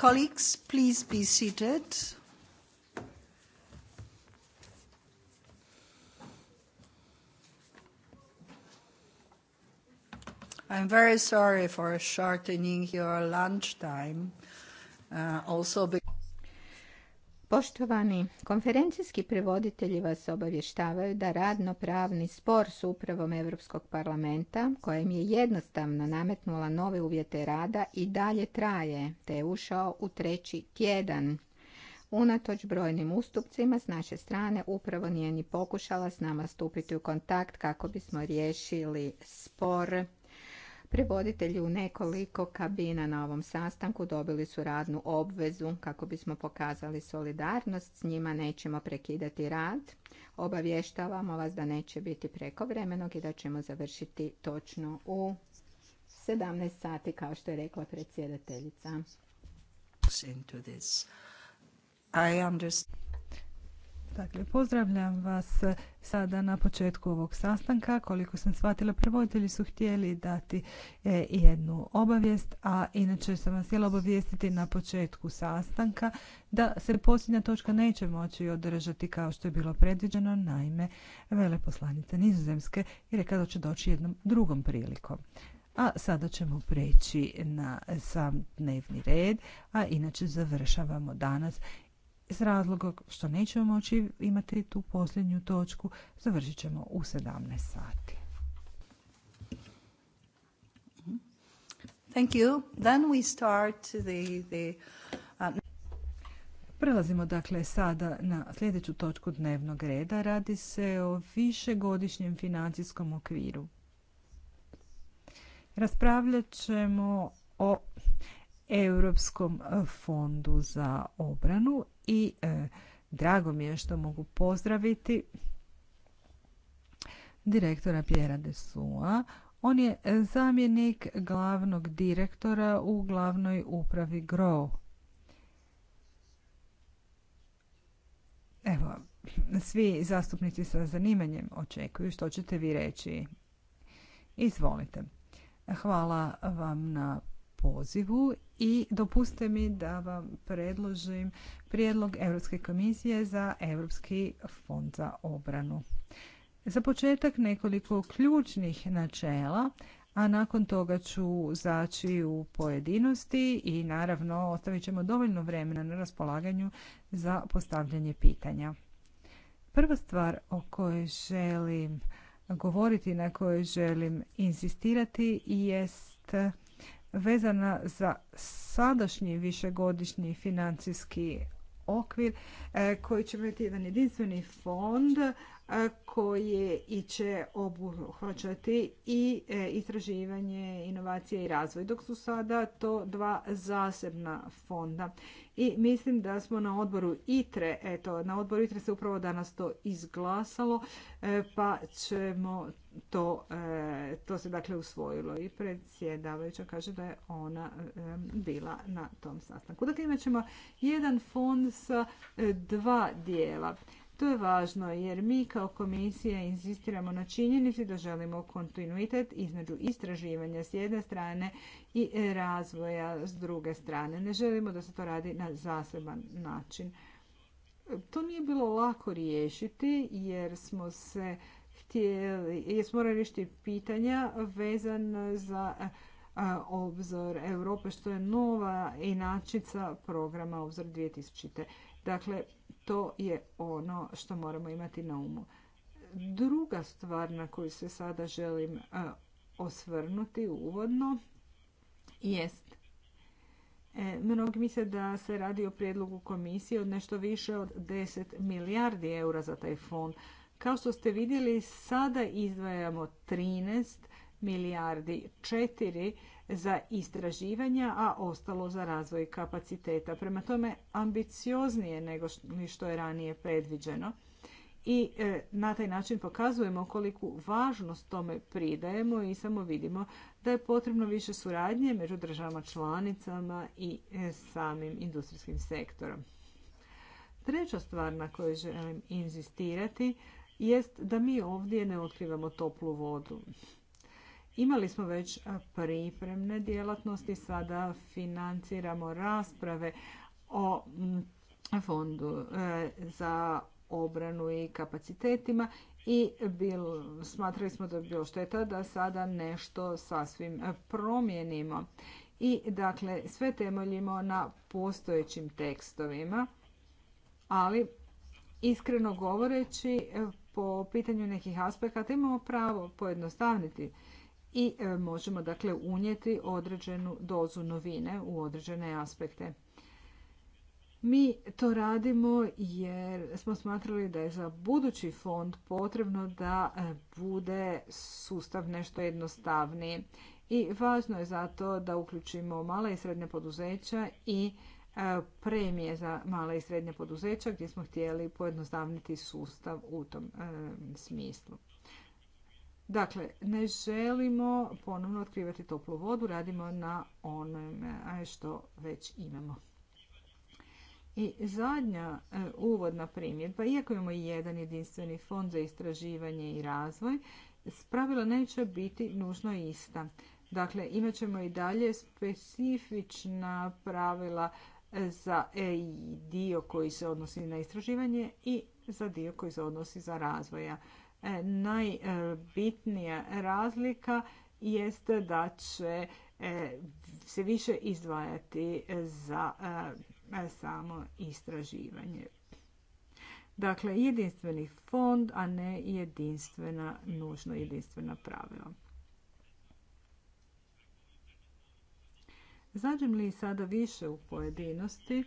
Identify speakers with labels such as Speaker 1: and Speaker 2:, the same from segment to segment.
Speaker 1: Colleagues, please be seated. I'm very sorry for shortening your lunchtime,
Speaker 2: uh, also because Poštovani, konferencijski prevoditelji vas obavještavaju da radno-pravni spor s upravom Europskog parlamenta, kojem je jednostavno nametnula nove uvjete rada, i dalje traje, te je ušao u treći tjedan. Unatoč brojnim ustupcima s naše strane upravo nije ni pokušala s nama stupiti u kontakt kako bismo riješili spor Prevoditelji u nekoliko kabina na ovom sastanku dobili su radnu obvezu kako bismo pokazali solidarnost. S njima nećemo prekidati rad. Obavještavamo vas da neće biti prekovremenog i da ćemo završiti točno u 17 sati kao što je rekla predsjedateljica.
Speaker 1: Dakle, pozdravljam vas sada na početku ovog sastanka. Koliko sam shvatila, prevoditelji su htjeli dati e, jednu obavijest, a inače sam vas htjela obavijestiti na početku sastanka da se posljednja točka neće moći održati kao što je bilo predviđeno, naime veleposlanica Nizozemske i je da će doći jednom drugom prilikom. A sada ćemo preći na sam dnevni red, a inače završavamo danas iz razloga što nećemo moći imati tu posljednju točku, završit ćemo u 17 sati. Thank you. Then we start the, the, uh, Prelazimo dakle sada na sljedeću točku dnevnog reda. Radi se o višegodišnjem financijskom okviru. Raspravljat ćemo o Europskom fondu za obranu i e, drago mi je što mogu pozdraviti direktora Pjera Desua. On je zamjenik glavnog direktora u glavnoj upravi GROW. Evo, svi zastupnici sa zanimanjem očekuju što ćete vi reći. Izvolite. Hvala vam na pozivu i dopuste mi da vam predložim prijedlog Europske komisije za Europski fond za obranu. Za početak nekoliko ključnih načela, a nakon toga ću zaći u pojedinosti i naravno ostavit ćemo dovoljno vremena na raspolaganju za postavljanje pitanja. Prva stvar o kojoj želim govoriti, na kojoj želim insistirati jest vezana za sadašnji višegodišnji financijski okvir e, koji će biti jedan jedinstveni fond koje i će obuhvaćati i istraživanje, inovacije i razvoj, dok su sada to dva zasebna fonda. I mislim da smo na odboru ITRE, eto, na odboru ITRE se upravo danas to izglasalo, e, pa ćemo to, e, to se dakle usvojilo i predsjedavajuća kaže da je ona e, bila na tom sastanku. Dakle, imat ćemo jedan fond sa dva dijela. To je važno jer mi kao komisija insistiramo na činjenici da želimo kontinuitet između istraživanja s jedne strane i razvoja s druge strane. Ne želimo da se to radi na zaseban način. To nije bilo lako riješiti jer smo se htjeli, jer smo morali riješiti pitanja vezan za obzor Europe što je nova inačica programa obzor 2000. Dakle, to je ono što moramo imati na umu. Druga stvar na koju se sada želim e, osvrnuti uvodno jest e, Mnogi misle da se radi o prijedlogu komisije od nešto više od 10 milijardi eura za taj fond. Kao što ste vidjeli, sada izdvajamo 13 milijardi, 4 za istraživanja, a ostalo za razvoj kapaciteta. Prema tome, ambicioznije nego što je ranije predviđeno. I e, na taj način pokazujemo koliku važnost tome pridajemo i samo vidimo da je potrebno više suradnje među državama članicama i e, samim industrijskim sektorom. Treća stvar na kojoj želim inzistirati jest da mi ovdje ne otkrivamo toplu vodu. Imali smo već pripremne djelatnosti, sada financiramo rasprave o fondu e, za obranu i kapacitetima i bil, smatrali smo da bi bilo šteta da sada nešto sasvim e, promijenimo. I dakle, sve temeljimo na postojećim tekstovima, ali iskreno govoreći e, po pitanju nekih aspekata imamo pravo pojednostaviti i e, možemo dakle unijeti određenu dozu novine u određene aspekte. Mi to radimo jer smo smatrali da je za budući fond potrebno da e, bude sustav nešto jednostavniji. I važno je zato da uključimo mala i srednja poduzeća i e, premije za mala i srednja poduzeća gdje smo htjeli pojednostavniti sustav u tom smislu. Dakle, ne želimo ponovno otkrivati toplu vodu, radimo na onome što već imamo. I zadnja e, uvodna primjedba, iako imamo jedan jedinstveni fond za istraživanje i razvoj, pravila neće biti nužno ista. Dakle, imat ćemo i dalje specifična pravila e, za e dio koji se odnosi na istraživanje i za dio koji se odnosi za razvoja. E, najbitnija razlika jest da će e, se više izdvajati za e, samo istraživanje. Dakle, jedinstveni fond, a ne jedinstvena, nužno jedinstvena pravila. Zađem li sada više u pojedinosti,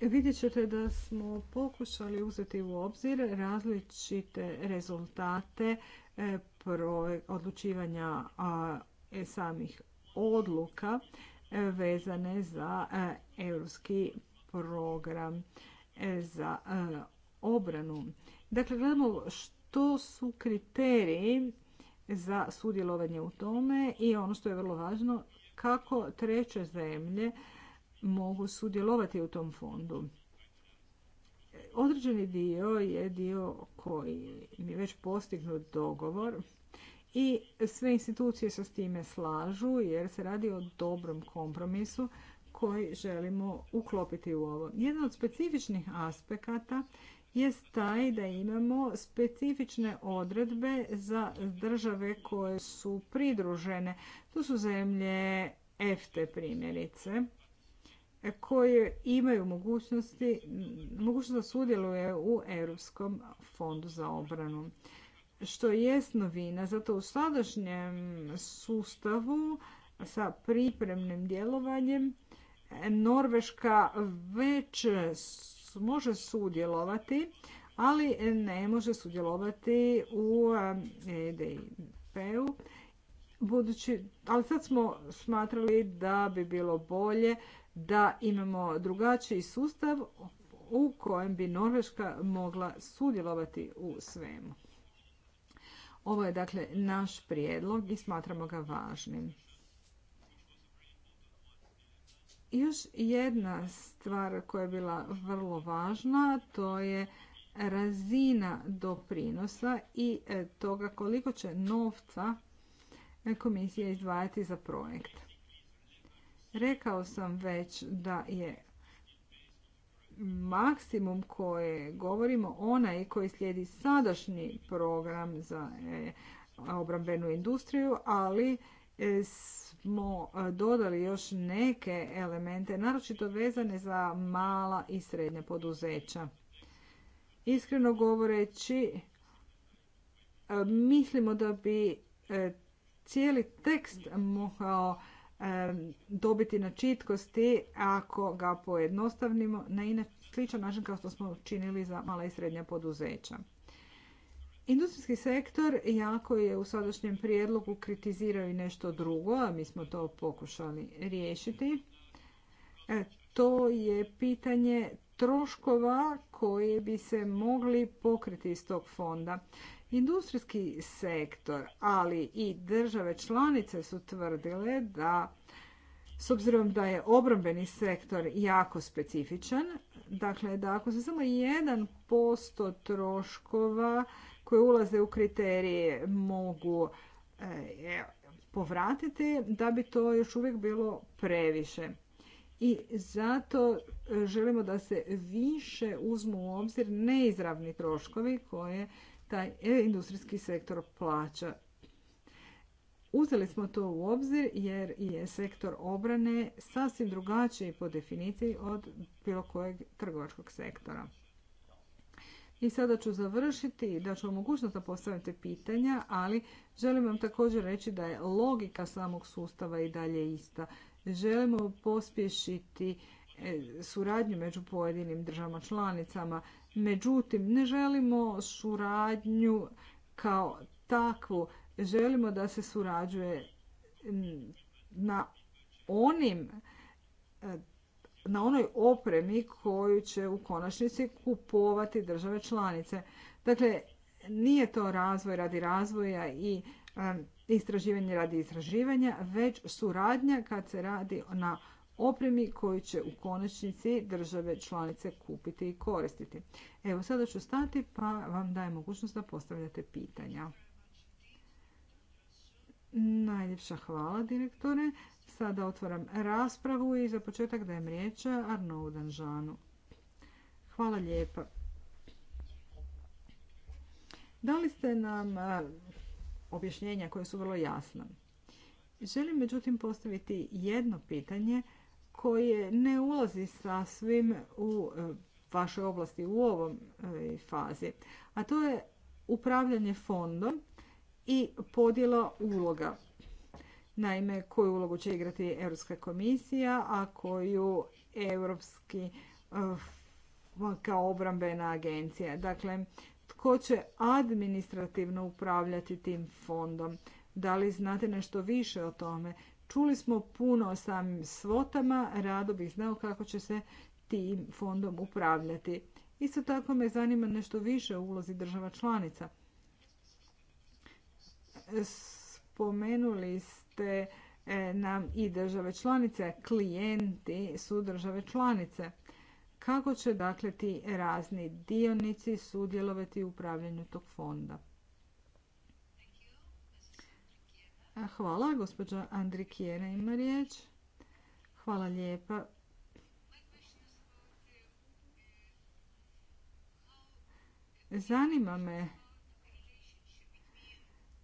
Speaker 1: Vidjet ćete da smo pokušali uzeti u obzir različite rezultate e, odlučivanja e, samih odluka e, vezane za europski program za obranu. Dakle, gledamo što su kriteriji za sudjelovanje u tome i ono što je vrlo važno, kako treće zemlje mogu sudjelovati u tom fondu. Određeni dio je dio koji je već postignut dogovor i sve institucije se s time slažu jer se radi o dobrom kompromisu koji želimo uklopiti u ovo. Jedan od specifičnih aspekata je taj da imamo specifične odredbe za države koje su pridružene. To su zemlje EFTE primjerice koje imaju mogućnosti, mogućnost da sudjeluje u Europskom fondu za obranu. Što je novina, zato u sadašnjem sustavu sa pripremnim djelovanjem Norveška već može sudjelovati, ali ne može sudjelovati u um, EDIP-u. Budući, ali sad smo smatrali da bi bilo bolje da imamo drugačiji sustav u kojem bi Norveška mogla sudjelovati u svemu. Ovo je dakle naš prijedlog i smatramo ga važnim. Još jedna stvar koja je bila vrlo važna, to je razina doprinosa i e, toga koliko će novca e, komisija izdvajati za projekt. Rekao sam već da je maksimum koje govorimo onaj koji slijedi sadašnji program za e, obrambenu industriju, ali e, smo dodali još neke elemente, naročito vezane za mala i srednja poduzeća. Iskreno govoreći, e, mislimo da bi cijeli tekst mogao dobiti na čitkosti ako ga pojednostavnimo na sličan način kao što smo učinili za mala i srednja poduzeća. Industrijski sektor jako je u sadašnjem prijedlogu kritizirao i nešto drugo, a mi smo to pokušali riješiti. E, to je pitanje troškova koje bi se mogli pokriti iz tog fonda. Industrijski sektor, ali i države članice su tvrdile da s obzirom da je obrambeni sektor jako specifičan, dakle da ako se samo 1% troškova koje ulaze u kriterije mogu e, povratiti, da bi to još uvijek bilo previše. I zato želimo da se više uzmu u obzir neizravni troškovi koje taj industrijski sektor plaća. Uzeli smo to u obzir jer je sektor obrane sasvim drugačiji po definiciji od bilo kojeg trgovačkog sektora. I sada ću završiti da ću vam mogućnost da postavite pitanja, ali želim vam također reći da je logika samog sustava i dalje ista. Želimo pospješiti e, suradnju među pojedinim državama članicama, Međutim, ne želimo suradnju kao takvu. Želimo da se surađuje na onim e, na onoj opremi koju će u konačnici kupovati države članice. Dakle, nije to razvoj radi razvoja i e, istraživanje radi istraživanja, već suradnja kad se radi na opremi koju će u konačnici države članice kupiti i koristiti. Evo, sada ću stati, pa vam dajem mogućnost da postavljate pitanja. Najljepša hvala, direktore. Sada otvaram raspravu i za početak dajem riječ Arnaud Danžanu. Hvala lijepa. Dali ste nam objašnjenja koje su vrlo jasna. Želim međutim postaviti jedno pitanje koje ne ulazi sasvim u e, vašoj oblasti u ovom e, fazi, a to je upravljanje fondom i podjela uloga. Naime, koju ulogu će igrati Europska komisija, a koju Europski e, kao obrambena agencija. Dakle, tko će administrativno upravljati tim fondom? Da li znate nešto više o tome? Čuli smo puno o samim svotama, rado bih znao kako će se tim fondom upravljati. Isto tako me zanima nešto više o ulozi država članica. Spomenuli ste e, nam i države članice, klijenti su države članice. Kako će dakle ti razni dionici sudjelovati u upravljanju tog fonda? Hvala, gospođa Andrikijena ima riječ. Hvala lijepa. Zanima me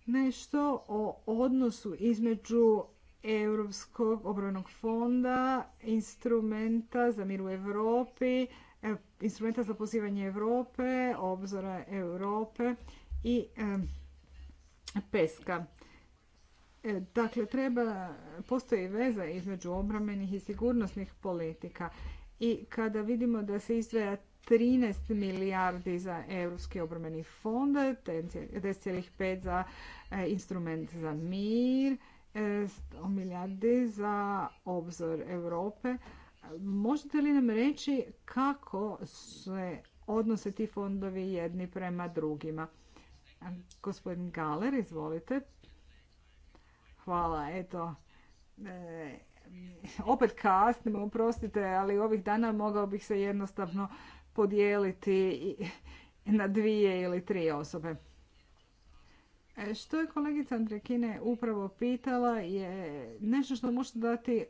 Speaker 1: nešto o odnosu između Europskog obrovnog fonda, instrumenta za mir u Europi, e, instrumenta za pozivanje Europe, obzora Europe i peska. E, dakle, treba, postoji veza između obrambenih i sigurnosnih politika i kada vidimo da se izdvaja 13 milijardi za Europski obrambeni fond, 10,5 za e, instrument za mir, 100 e, milijardi za obzor Europe. Možete li nam reći kako se odnose ti fondovi jedni prema drugima? Gospodin Galer, izvolite, Hvala, eto. E, opet kasnimo, oprostite, ali ovih dana mogao bih se jednostavno podijeliti na dvije ili tri osobe. E, što je kolegica Andrekine upravo pitala je nešto što možete dati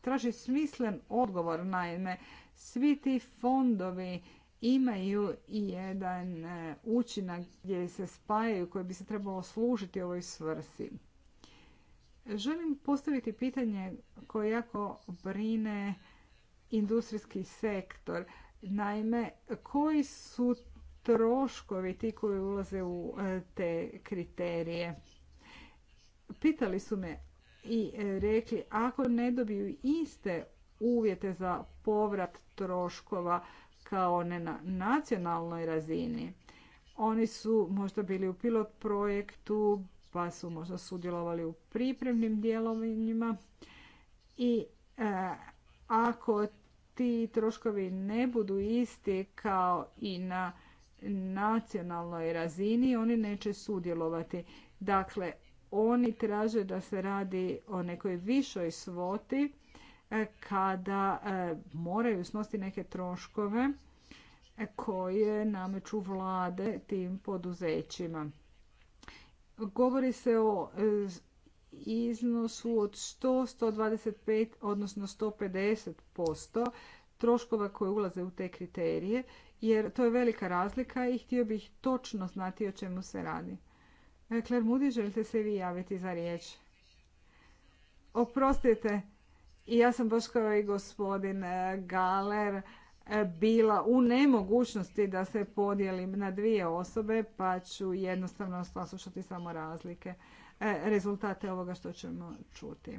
Speaker 1: traži smislen odgovor. Naime, svi ti fondovi imaju i jedan e, učinak gdje se spajaju koji bi se trebalo služiti ovoj svrsi. Želim postaviti pitanje koje jako brine industrijski sektor. Naime, koji su troškovi ti koji ulaze u e, te kriterije? Pitali su me i rekli ako ne dobiju iste uvjete za povrat troškova kao ne na nacionalnoj razini. Oni su možda bili u pilot projektu, pa su možda sudjelovali u pripremnim djelovanjima i e, ako ti troškovi ne budu isti kao i na nacionalnoj razini, oni neće sudjelovati. Dakle, oni traže da se radi o nekoj višoj svoti e, kada e, moraju snositi neke troškove koje nameću vlade tim poduzećima. Govori se o e, iznosu od 100, 125, odnosno 150% troškova koje ulaze u te kriterije, jer to je velika razlika i htio bih točno znati o čemu se radi. E, Claire Moody, želite se vi javiti za riječ? Oprostite, ja sam baš kao i gospodin e, Galer bila u nemogućnosti da se podijelim na dvije osobe, pa ću jednostavno saslušati samo razlike, e, rezultate ovoga što ćemo čuti.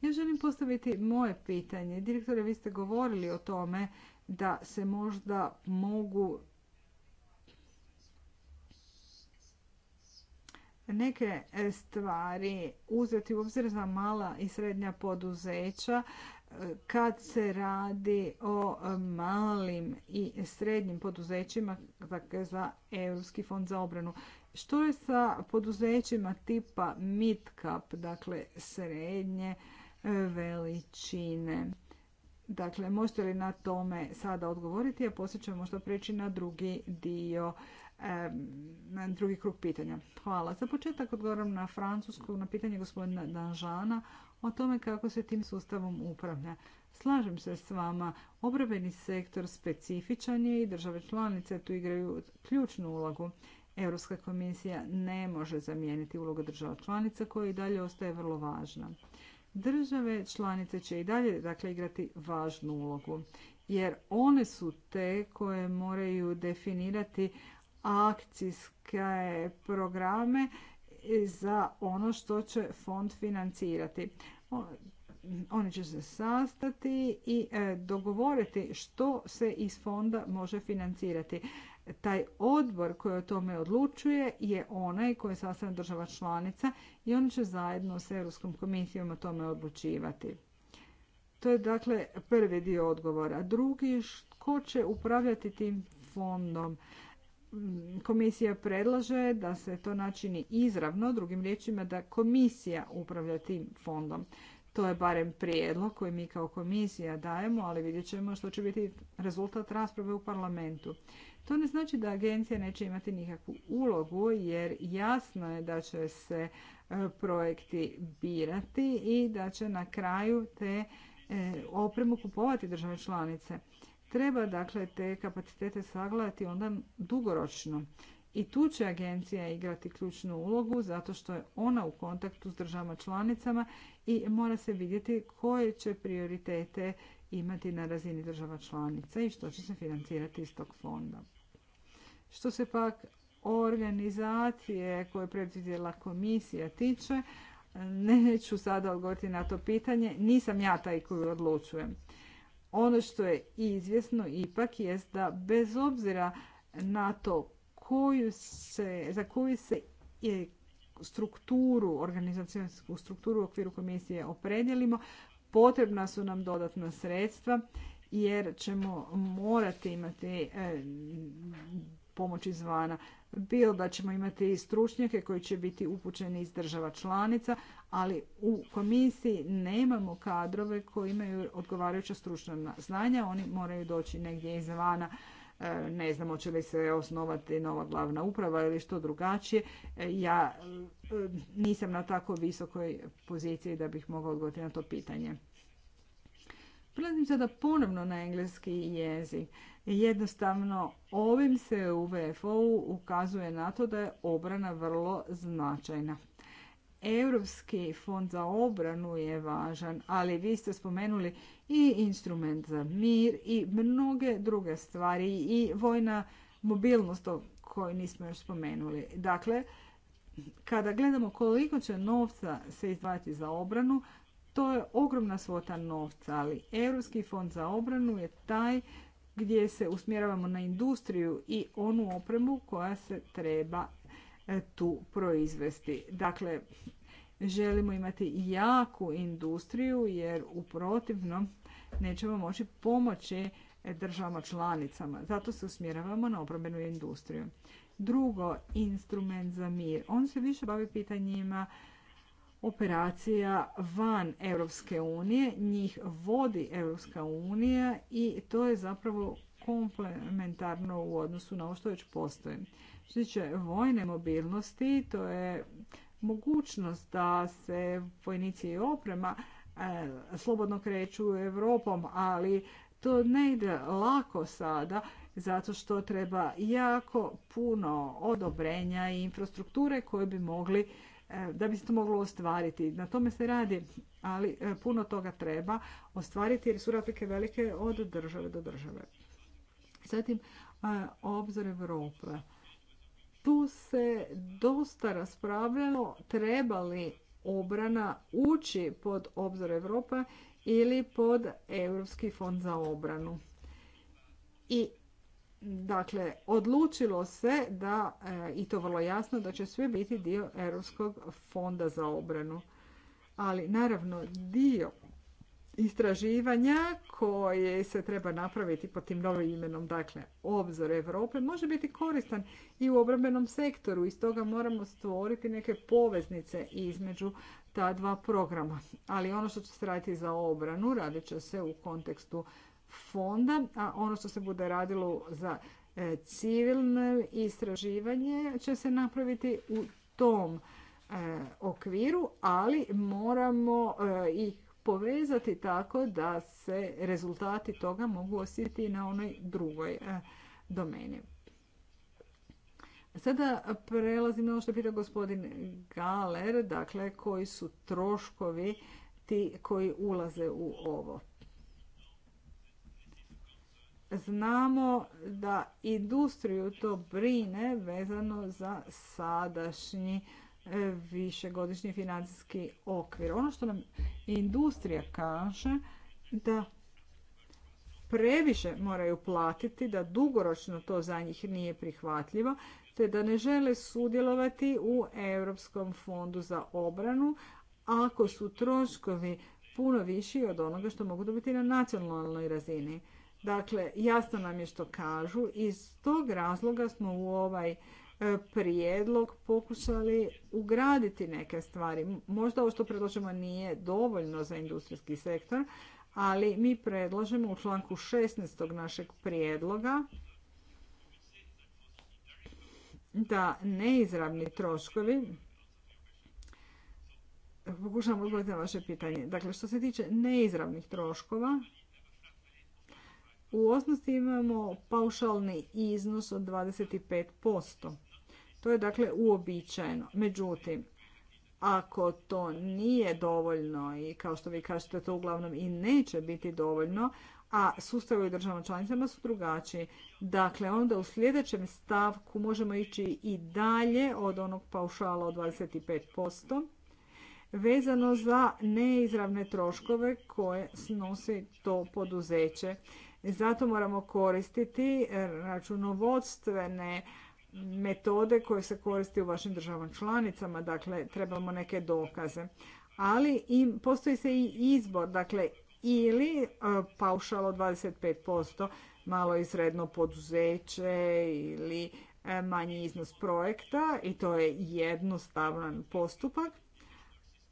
Speaker 1: Ja želim postaviti moje pitanje. Direktore, vi ste govorili o tome da se možda mogu neke stvari uzeti u obzir za mala i srednja poduzeća kad se radi o malim i srednjim poduzećima za Europski fond za obranu. Što je sa poduzećima tipa midcap, dakle srednje e, veličine? Dakle, možete li na tome sada odgovoriti, a poslije ćemo možda preći na drugi dio, na drugi krug pitanja. Hvala. Za početak odgovaram na francusku, na pitanje gospodina Danžana o tome kako se tim sustavom upravlja. Slažem se s vama, obrambeni sektor specifičan je i države članice tu igraju ključnu ulogu. Europska komisija ne može zamijeniti ulogu država članica koja i dalje ostaje vrlo važna. Države članice će i dalje dakle, igrati važnu ulogu jer one su te koje moraju definirati akcijske programe za ono što će fond financirati. Oni će se sastati i e, dogovoriti što se iz fonda može financirati. Taj odbor koji o tome odlučuje je onaj koji je sastavljena država članica i oni će zajedno s Europskom komisijom o tome odlučivati. To je dakle prvi dio odgovora. Drugi, ko će upravljati tim fondom? Mm, komisija predlaže da se to načini izravno, drugim riječima da komisija upravlja tim fondom. To je barem prijedlog koji mi kao komisija dajemo, ali vidjet ćemo što će biti rezultat rasprave u parlamentu. To ne znači da agencija neće imati nikakvu ulogu jer jasno je da će se e, projekti birati i da će na kraju te e, opremu kupovati države članice. Treba dakle te kapacitete sagledati onda dugoročno. I tu će agencija igrati ključnu ulogu zato što je ona u kontaktu s državama članicama i mora se vidjeti koje će prioritete imati na razini država članica i što će se financirati iz tog fonda. Što se pak organizacije koje je predvidjela komisija tiče, neću sada odgovoriti na to pitanje, nisam ja taj koji odlučujem. Ono što je izvjesno ipak jest da bez obzira na to koju se, za koju se je strukturu, organizacijsku strukturu u okviru komisije opredjelimo, potrebna su nam dodatna sredstva jer ćemo morati imati e, pomoć izvana. Bilo da ćemo imati i stručnjake koji će biti upućeni iz država članica, ali u komisiji nemamo kadrove koji imaju odgovarajuća stručna znanja. Oni moraju doći negdje izvana. E, ne znam, će li se osnovati nova glavna uprava ili što drugačije. E, ja e, nisam na tako visokoj poziciji da bih mogla odgovoriti na to pitanje. Prelazim sada ponovno na engleski jezik. Jednostavno, ovim se u vfo ukazuje na to da je obrana vrlo značajna. Europski fond za obranu je važan, ali vi ste spomenuli i instrument za mir i mnoge druge stvari i vojna mobilnost o kojoj nismo još spomenuli. Dakle, kada gledamo koliko će novca se izdvajati za obranu, to je ogromna svota novca, ali Europski fond za obranu je taj gdje se usmjeravamo na industriju i onu opremu koja se treba e, tu proizvesti. Dakle, želimo imati jaku industriju jer u protivnom nećemo moći pomoći državama članicama. Zato se usmjeravamo na obrambenu industriju. Drugo, instrument za mir. On se više bavi pitanjima operacija van Europske unije, njih vodi Europska unija i to je zapravo komplementarno u odnosu na ovo što već postoji. Što tiče vojne mobilnosti, to je mogućnost da se vojnici i oprema e, slobodno kreću Europom, ali to ne ide lako sada zato što treba jako puno odobrenja i infrastrukture koje bi mogli da bi se to moglo ostvariti. Na tome se radi, ali e, puno toga treba ostvariti jer su razlike velike od države do države. Zatim, e, obzor Evrope. Tu se dosta raspravljalo treba li obrana ući pod obzor Evrope ili pod Europski fond za obranu. I Dakle, odlučilo se da, e, i to vrlo jasno, da će sve biti dio Europskog fonda za obranu. Ali naravno dio istraživanja koje se treba napraviti pod tim novim imenom, dakle obzor Europe, može biti koristan i u obrambenom sektoru i stoga moramo stvoriti neke poveznice između ta dva programa. Ali ono što će se raditi za obranu radit će se u kontekstu fonda, a ono što se bude radilo za e, civilno istraživanje će se napraviti u tom e, okviru, ali moramo e, ih povezati tako da se rezultati toga mogu osjetiti na onoj drugoj domeni. Sada prelazim na ono što pitao gospodin Galer, dakle koji su troškovi ti koji ulaze u ovo znamo da industriju to brine vezano za sadašnji e, višegodišnji financijski okvir. Ono što nam industrija kaže da previše moraju platiti, da dugoročno to za njih nije prihvatljivo, te da ne žele sudjelovati u Europskom fondu za obranu ako su troškovi puno viši od onoga što mogu dobiti na nacionalnoj razini. Dakle, jasno nam je što kažu. Iz tog razloga smo u ovaj e, prijedlog pokušali ugraditi neke stvari. Možda ovo što predlažemo nije dovoljno za industrijski sektor, ali mi predlažemo u članku 16. našeg prijedloga da neizravni troškovi pokušavam odgovoriti na vaše pitanje. Dakle, što se tiče neizravnih troškova, u osnosti imamo paušalni iznos od 25%. To je dakle uobičajeno. Međutim, ako to nije dovoljno i kao što vi kažete to uglavnom i neće biti dovoljno, a sustavi u državama članicama su drugačiji. Dakle, onda u sljedećem stavku možemo ići i dalje od onog paušala od 25% vezano za neizravne troškove koje snosi to poduzeće zato moramo koristiti eh, računovodstvene metode koje se koristi u vašim državom članicama, dakle trebamo neke dokaze. Ali postoji se i izbor, dakle ili eh, paušalo 25%, malo i sredno poduzeće ili eh, manji iznos projekta i to je jednostavan postupak.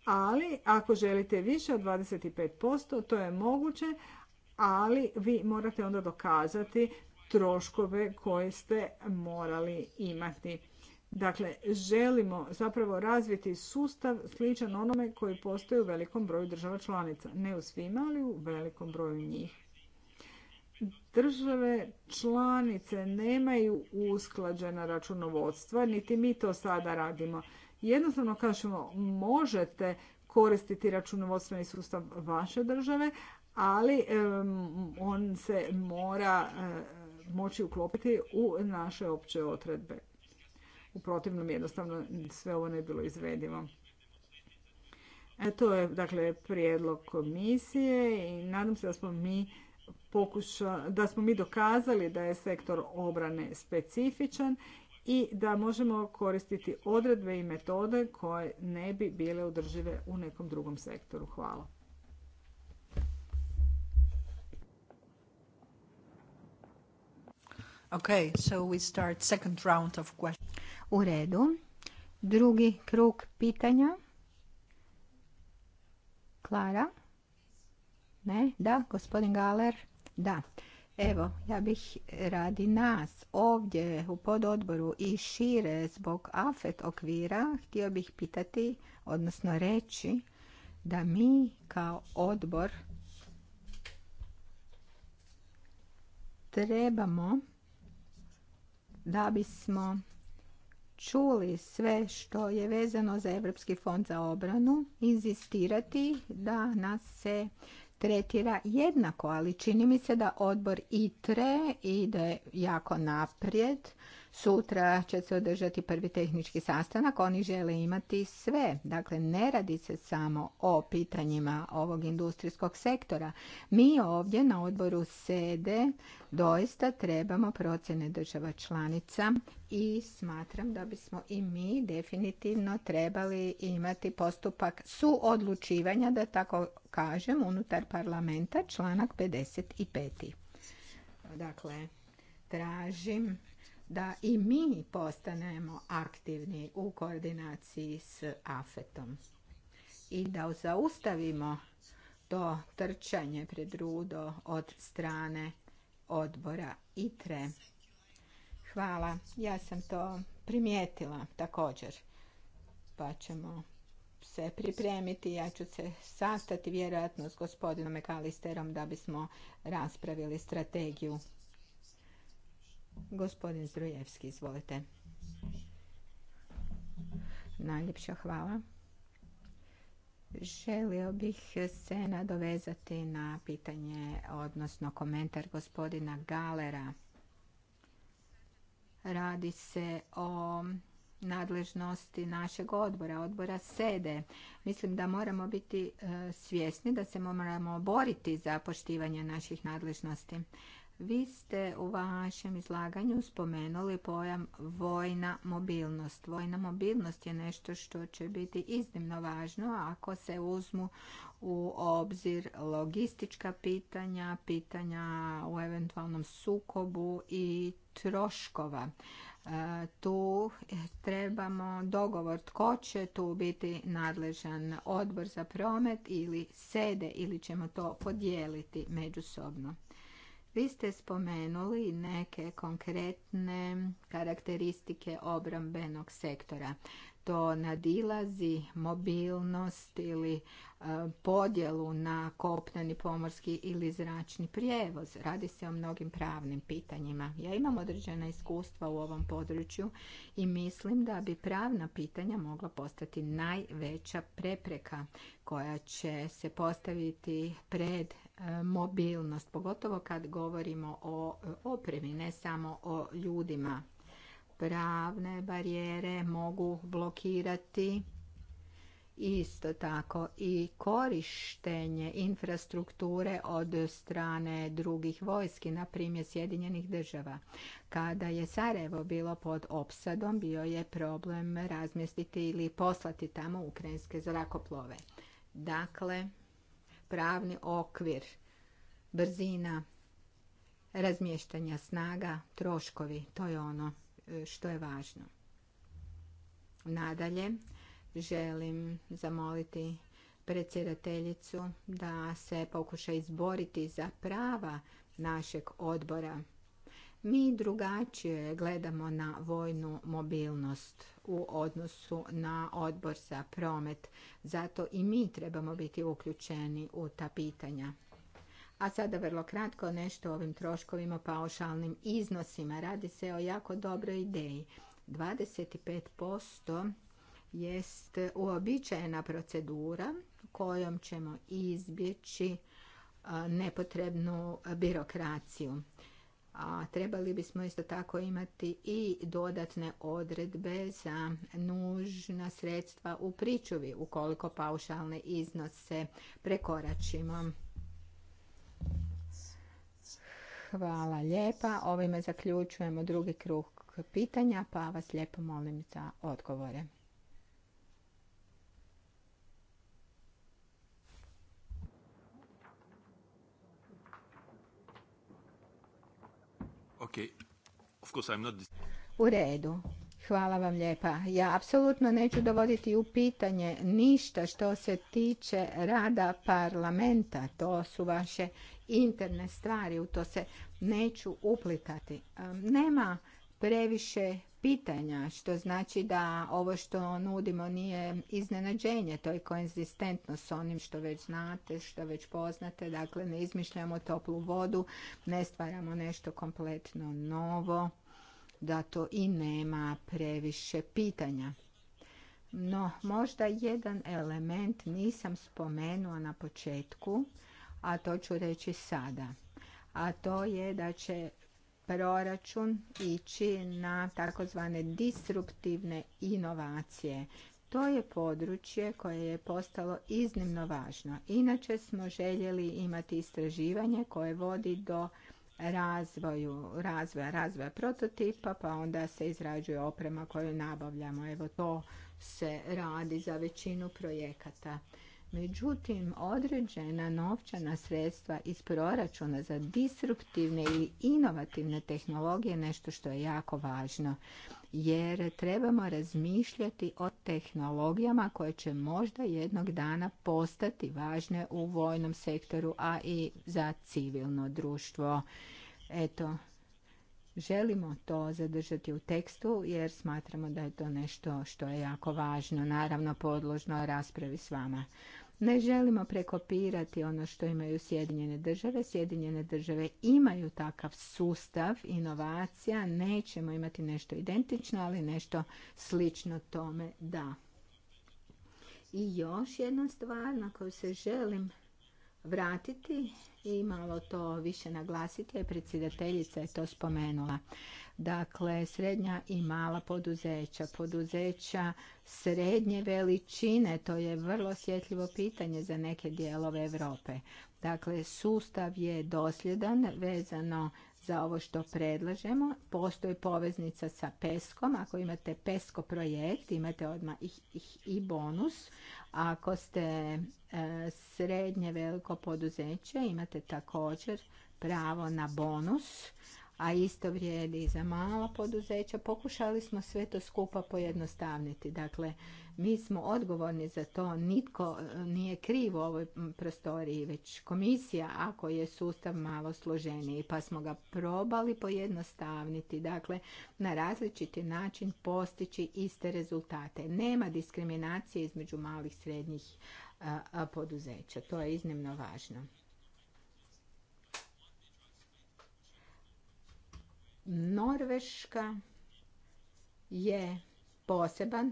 Speaker 1: Ali ako želite više od 25%, to je moguće ali vi morate onda dokazati troškove koje ste morali imati. Dakle, želimo zapravo razviti sustav sličan onome koji postoji u velikom broju država članica. Ne u svima, ali u velikom broju njih. Države članice nemaju usklađena računovodstva, niti mi to sada radimo. Jednostavno kažemo, možete koristiti računovodstveni sustav vaše države, ali on se mora eh, moći uklopiti u naše opće otredbe. U protivnom jednostavno sve ovo ne bilo izvedivo. E, to je dakle prijedlog komisije i nadam se da smo mi da smo mi dokazali da je sektor obrane specifičan i da možemo koristiti odredbe i metode koje ne bi bile održive u nekom drugom sektoru. Hvala.
Speaker 2: U redu. Drugi krug pitanja. Klara? Ne? Da? Gospodin Galer? Da. Evo, ja bih radi nas ovdje u pododboru i šire zbog AFET okvira htio bih pitati, odnosno reći, da mi kao odbor trebamo da bismo čuli sve što je vezano za Europski fond za obranu, inzistirati da nas se tretira jednako, ali čini mi se da odbor ITRE ide jako naprijed Sutra će se održati prvi tehnički sastanak. Oni žele imati sve. Dakle, ne radi se samo o pitanjima ovog industrijskog sektora. Mi ovdje na odboru sede doista trebamo procjene država članica i smatram da bismo i mi definitivno trebali imati postupak suodlučivanja, da tako kažem, unutar parlamenta, članak 55. Dakle, tražim da i mi postanemo aktivni u koordinaciji s afetom i da zaustavimo to trčanje pred rudo od strane odbora ITRE. Hvala, ja sam to primijetila također. Pa ćemo se pripremiti, ja ću se sastati vjerojatno s gospodinom Ekalisterom da bismo raspravili strategiju Gospodin Zdrojevski, izvolite. Najljepša hvala. Želio bih se nadovezati na pitanje, odnosno komentar gospodina Galera. Radi se o nadležnosti našeg odbora, odbora sede. Mislim da moramo biti e, svjesni da se moramo boriti za poštivanje naših nadležnosti. Vi ste u vašem izlaganju spomenuli pojam vojna mobilnost. Vojna mobilnost je nešto što će biti iznimno važno ako se uzmu u obzir logistička pitanja, pitanja u eventualnom sukobu i troškova. E, tu trebamo dogovor tko će tu biti nadležan odbor za promet ili sede ili ćemo to podijeliti međusobno. Vi ste spomenuli neke konkretne karakteristike obrambenog sektora. To nadilazi mobilnost ili e, podjelu na kopneni, pomorski ili zračni prijevoz. Radi se o mnogim pravnim pitanjima. Ja imam određena iskustva u ovom području i mislim da bi pravna pitanja mogla postati najveća prepreka koja će se postaviti pred mobilnost, pogotovo kad govorimo o e, opremi, ne samo o ljudima. Pravne barijere mogu blokirati isto tako i korištenje infrastrukture od strane drugih vojski, na primjer Sjedinjenih država. Kada je Sarajevo bilo pod opsadom, bio je problem razmjestiti ili poslati tamo ukrajinske zrakoplove. Dakle, pravni okvir, brzina, razmještanja snaga, troškovi, to je ono e, što je važno. Nadalje, želim zamoliti predsjedateljicu da se pokuša izboriti za prava našeg odbora. Mi drugačije gledamo na vojnu mobilnost u odnosu na odbor za promet. Zato i mi trebamo biti uključeni u ta pitanja. A sada vrlo kratko nešto o ovim troškovima paušalnim iznosima. Radi se o jako dobroj ideji. 25% jest uobičajena procedura kojom ćemo izbjeći nepotrebnu birokraciju a trebali bismo isto tako imati i dodatne odredbe za nužna sredstva u pričuvi ukoliko paušalne iznose prekoračimo. Hvala lijepa. Ovime zaključujemo drugi krug pitanja, pa vas lijepo molim za odgovore. U redu. Hvala vam lijepa. Ja apsolutno neću dovoditi u pitanje ništa što se tiče rada parlamenta. To su vaše interne stvari, u to se neću uplitati. Nema previše pitanja, što znači da ovo što nudimo nije iznenađenje, to je konzistentno s onim što već znate, što već poznate, dakle ne izmišljamo toplu vodu, ne stvaramo nešto kompletno novo, da to i nema previše pitanja. No, možda jedan element nisam spomenula na početku, a to ću reći sada. A to je da će proračun ići na takozvane disruptivne inovacije. To je područje koje je postalo iznimno važno. Inače smo željeli imati istraživanje koje vodi do razvoju, razvoja, razvoja prototipa, pa onda se izrađuje oprema koju nabavljamo. Evo to se radi za većinu projekata. Međutim, određena novčana sredstva iz proračuna za disruptivne ili inovativne tehnologije je nešto što je jako važno. Jer trebamo razmišljati o tehnologijama koje će možda jednog dana postati važne u vojnom sektoru, a i za civilno društvo. Eto, želimo to zadržati u tekstu jer smatramo da je to nešto što je jako važno, naravno podložno raspravi s vama. Ne želimo prekopirati ono što imaju Sjedinjene države. Sjedinjene države imaju takav sustav inovacija. Nećemo imati nešto identično, ali nešto slično tome da. I još jedna stvar na koju se želim vratiti i malo to više naglasiti, je predsjedateljica je to spomenula. Dakle, srednja i mala poduzeća, poduzeća srednje veličine, to je vrlo osjetljivo pitanje za neke dijelove Europe. Dakle, sustav je dosljedan vezano za ovo što predlažemo. Postoji poveznica sa peskom. Ako imate pesko projekt, imate odmah ih, i bonus. Ako ste e, srednje veliko poduzeće, imate također pravo na bonus a isto vrijedi i za mala poduzeća. Pokušali smo sve to skupa pojednostavniti. Dakle, mi smo odgovorni za to. Nitko e, nije kriv u ovoj prostoriji, već komisija, ako je sustav malo složeniji. Pa smo ga probali pojednostavniti. Dakle, na različiti način postići iste rezultate. Nema diskriminacije između malih, srednjih e, poduzeća. To je iznimno važno. Norveška je poseban,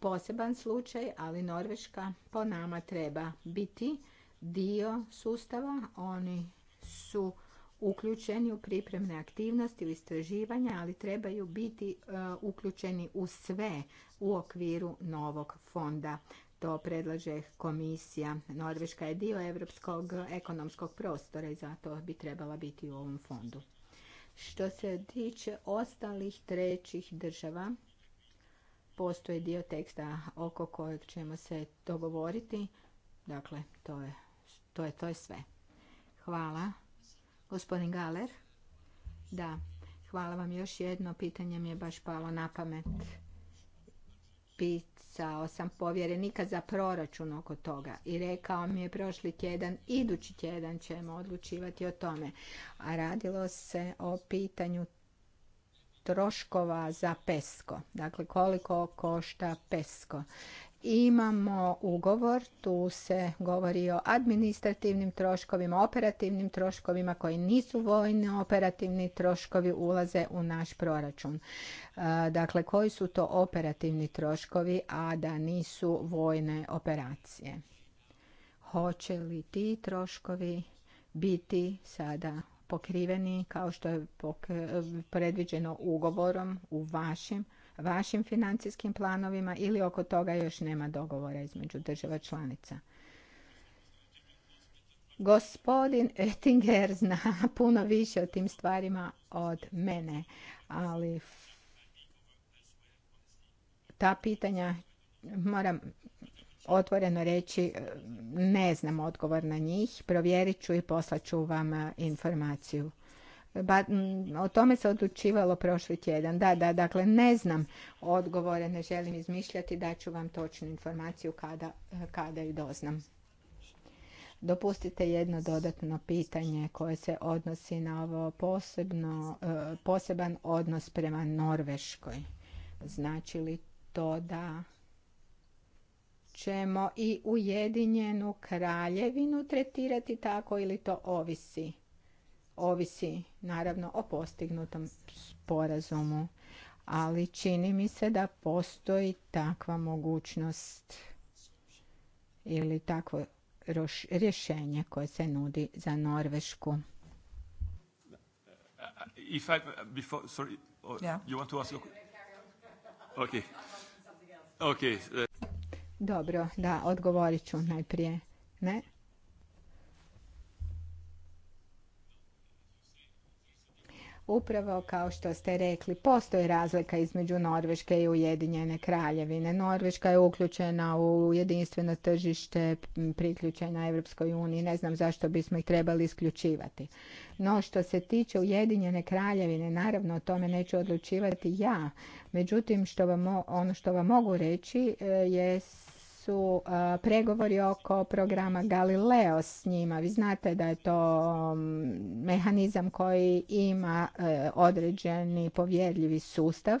Speaker 2: poseban slučaj, ali Norveška po nama treba biti dio sustava. Oni su uključeni u pripremne aktivnosti, u istraživanja, ali trebaju biti e, uključeni u sve u okviru novog fonda. To predlaže komisija. Norveška je dio europskog ekonomskog prostora i zato bi trebala biti u ovom fondu. Što se tiče ostalih trećih država, postoji dio teksta oko kojeg ćemo se dogovoriti. Dakle, to je, to je, to je sve. Hvala. Gospodin Galer? Da, hvala vam još jedno. Pitanje mi je baš palo na pamet iskrcao sam povjerenika za proračun oko toga i rekao mi je prošli tjedan, idući tjedan ćemo odlučivati o tome. A radilo se o pitanju troškova za pesko. Dakle, koliko košta pesko imamo ugovor, tu se govori o administrativnim troškovima, operativnim troškovima koji nisu vojni, operativni troškovi ulaze u naš proračun. E, dakle, koji su to operativni troškovi, a da nisu vojne operacije? Hoće li ti troškovi biti sada pokriveni kao što je predviđeno ugovorom u vašim vašim financijskim planovima ili oko toga još nema dogovora između država članica? Gospodin Ettinger zna puno više o tim stvarima od mene, ali ta pitanja moram otvoreno reći ne znam odgovor na njih. Provjerit ću i poslat ću vam eh, informaciju. Ba, o tome se odlučivalo prošli tjedan. Da, da, dakle ne znam odgovore, ne želim izmišljati, ću vam točnu informaciju kada, kada ju doznam. Dopustite jedno dodatno pitanje koje se odnosi na ovo posebno, e, poseban odnos prema Norveškoj. Znači li to da ćemo i Ujedinjenu kraljevinu tretirati tako ili to ovisi? ovisi naravno o postignutom sporazumu, ali čini mi se da postoji takva mogućnost ili takvo rješenje koje se nudi za Norvešku. Dobro, da, odgovorit ću najprije. Ne? Upravo kao što ste rekli, postoji razlika između Norveške i Ujedinjene kraljevine. Norveška je uključena u jedinstveno tržište priključena Europskoj uniji. Ne znam zašto bismo ih trebali isključivati. No što se tiče Ujedinjene kraljevine, naravno o tome neću odlučivati ja. Međutim, što vam, ono što vam mogu reći eh, je su pregovori oko programa Galileo s njima. Vi znate da je to mehanizam koji ima e, određeni povjerljivi sustav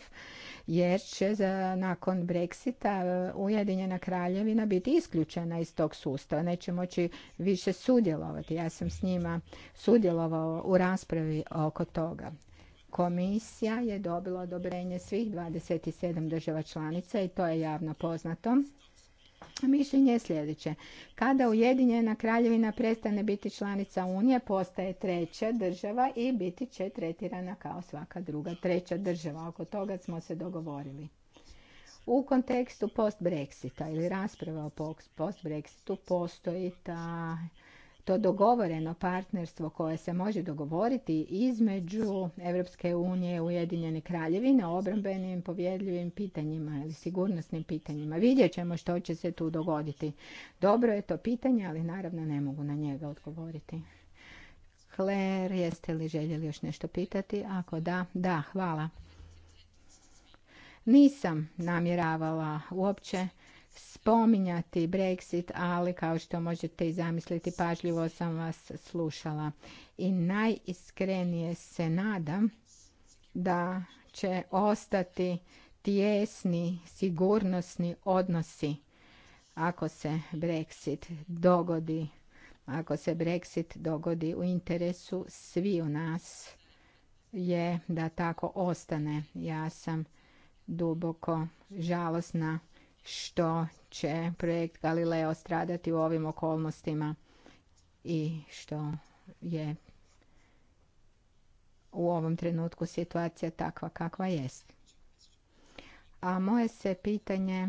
Speaker 2: jer će za, nakon Brexita e, Ujedinjena kraljevina biti isključena iz tog sustava. Neće moći više sudjelovati. Ja sam s njima sudjelovao u raspravi oko toga. Komisija je dobila odobrenje svih 27 država članica i to je javno poznato. Mišljenje je sljedeće. Kada Ujedinjena kraljevina prestane biti članica Unije, postaje treća država i biti će tretirana kao svaka druga treća država. Oko toga smo se dogovorili. U kontekstu post-Brexita ili rasprava o post-Brexitu postoji ta to dogovoreno partnerstvo koje se može dogovoriti između Europske unije i Ujedinjene kraljevine o obrambenim povjedljivim pitanjima ili sigurnosnim pitanjima. Vidjet ćemo što će se tu dogoditi. Dobro je to pitanje, ali naravno ne mogu na njega odgovoriti. Kler, jeste li željeli još nešto pitati? Ako da, da, hvala. Nisam namjeravala uopće spominjati Brexit, ali kao što možete i zamisliti, pažljivo sam vas slušala. I najiskrenije se nadam da će ostati tjesni sigurnosni odnosi ako se Brexit dogodi. Ako se Brexit dogodi u interesu svi u nas je da tako ostane. Ja sam duboko žalosna što će projekt Galileo stradati u ovim okolnostima i što je u ovom trenutku situacija takva kakva jest. A moje se pitanje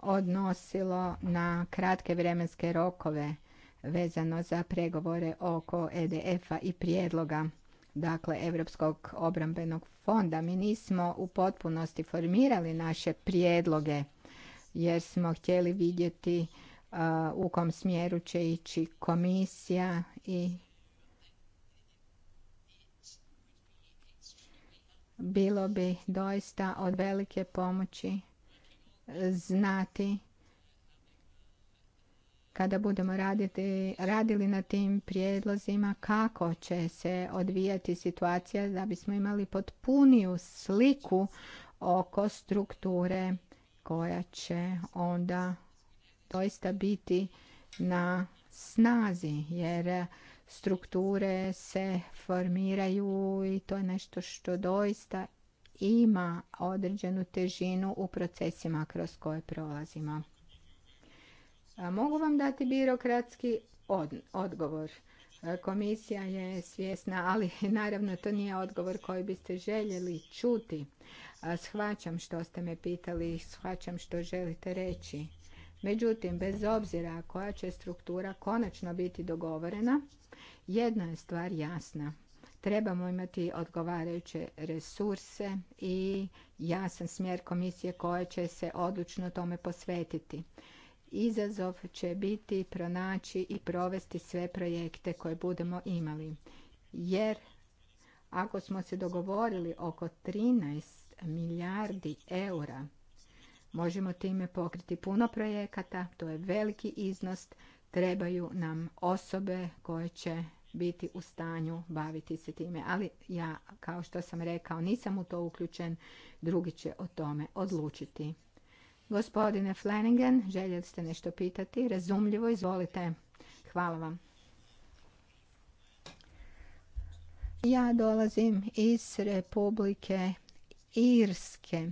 Speaker 2: odnosilo na kratke vremenske rokove vezano za pregovore oko EDF-a i prijedloga dakle Europskog obrambenog fonda. Mi nismo u potpunosti formirali naše prijedloge jer smo htjeli vidjeti uh, u kom smjeru će ići komisija i bilo bi doista od velike pomoći znati kada budemo raditi, radili na tim prijedlozima kako će se odvijati situacija da bismo imali potpuniju sliku oko strukture koja će onda doista biti na snazi jer strukture se formiraju i to je nešto što doista ima određenu težinu u procesima kroz koje prolazimo. Mogu vam dati birokratski odgovor. E, komisija je svjesna, ali naravno to nije odgovor koji biste željeli čuti. E, shvaćam što ste me pitali, shvaćam što želite reći. Međutim, bez obzira koja će struktura konačno biti dogovorena, jedna je stvar jasna. Trebamo imati odgovarajuće resurse i jasan smjer komisije koja će se odlučno tome posvetiti. Izazov će biti pronaći i provesti sve projekte koje budemo imali. Jer ako smo se dogovorili oko 13 milijardi eura, možemo time pokriti puno projekata, to je veliki iznos, trebaju nam osobe koje će biti u stanju baviti se time. Ali ja, kao što sam rekao, nisam u to uključen, drugi će o tome odlučiti. Gospodine Flanagan, željeli ste nešto pitati? Razumljivo, izvolite. Hvala vam. Ja dolazim iz Republike Irske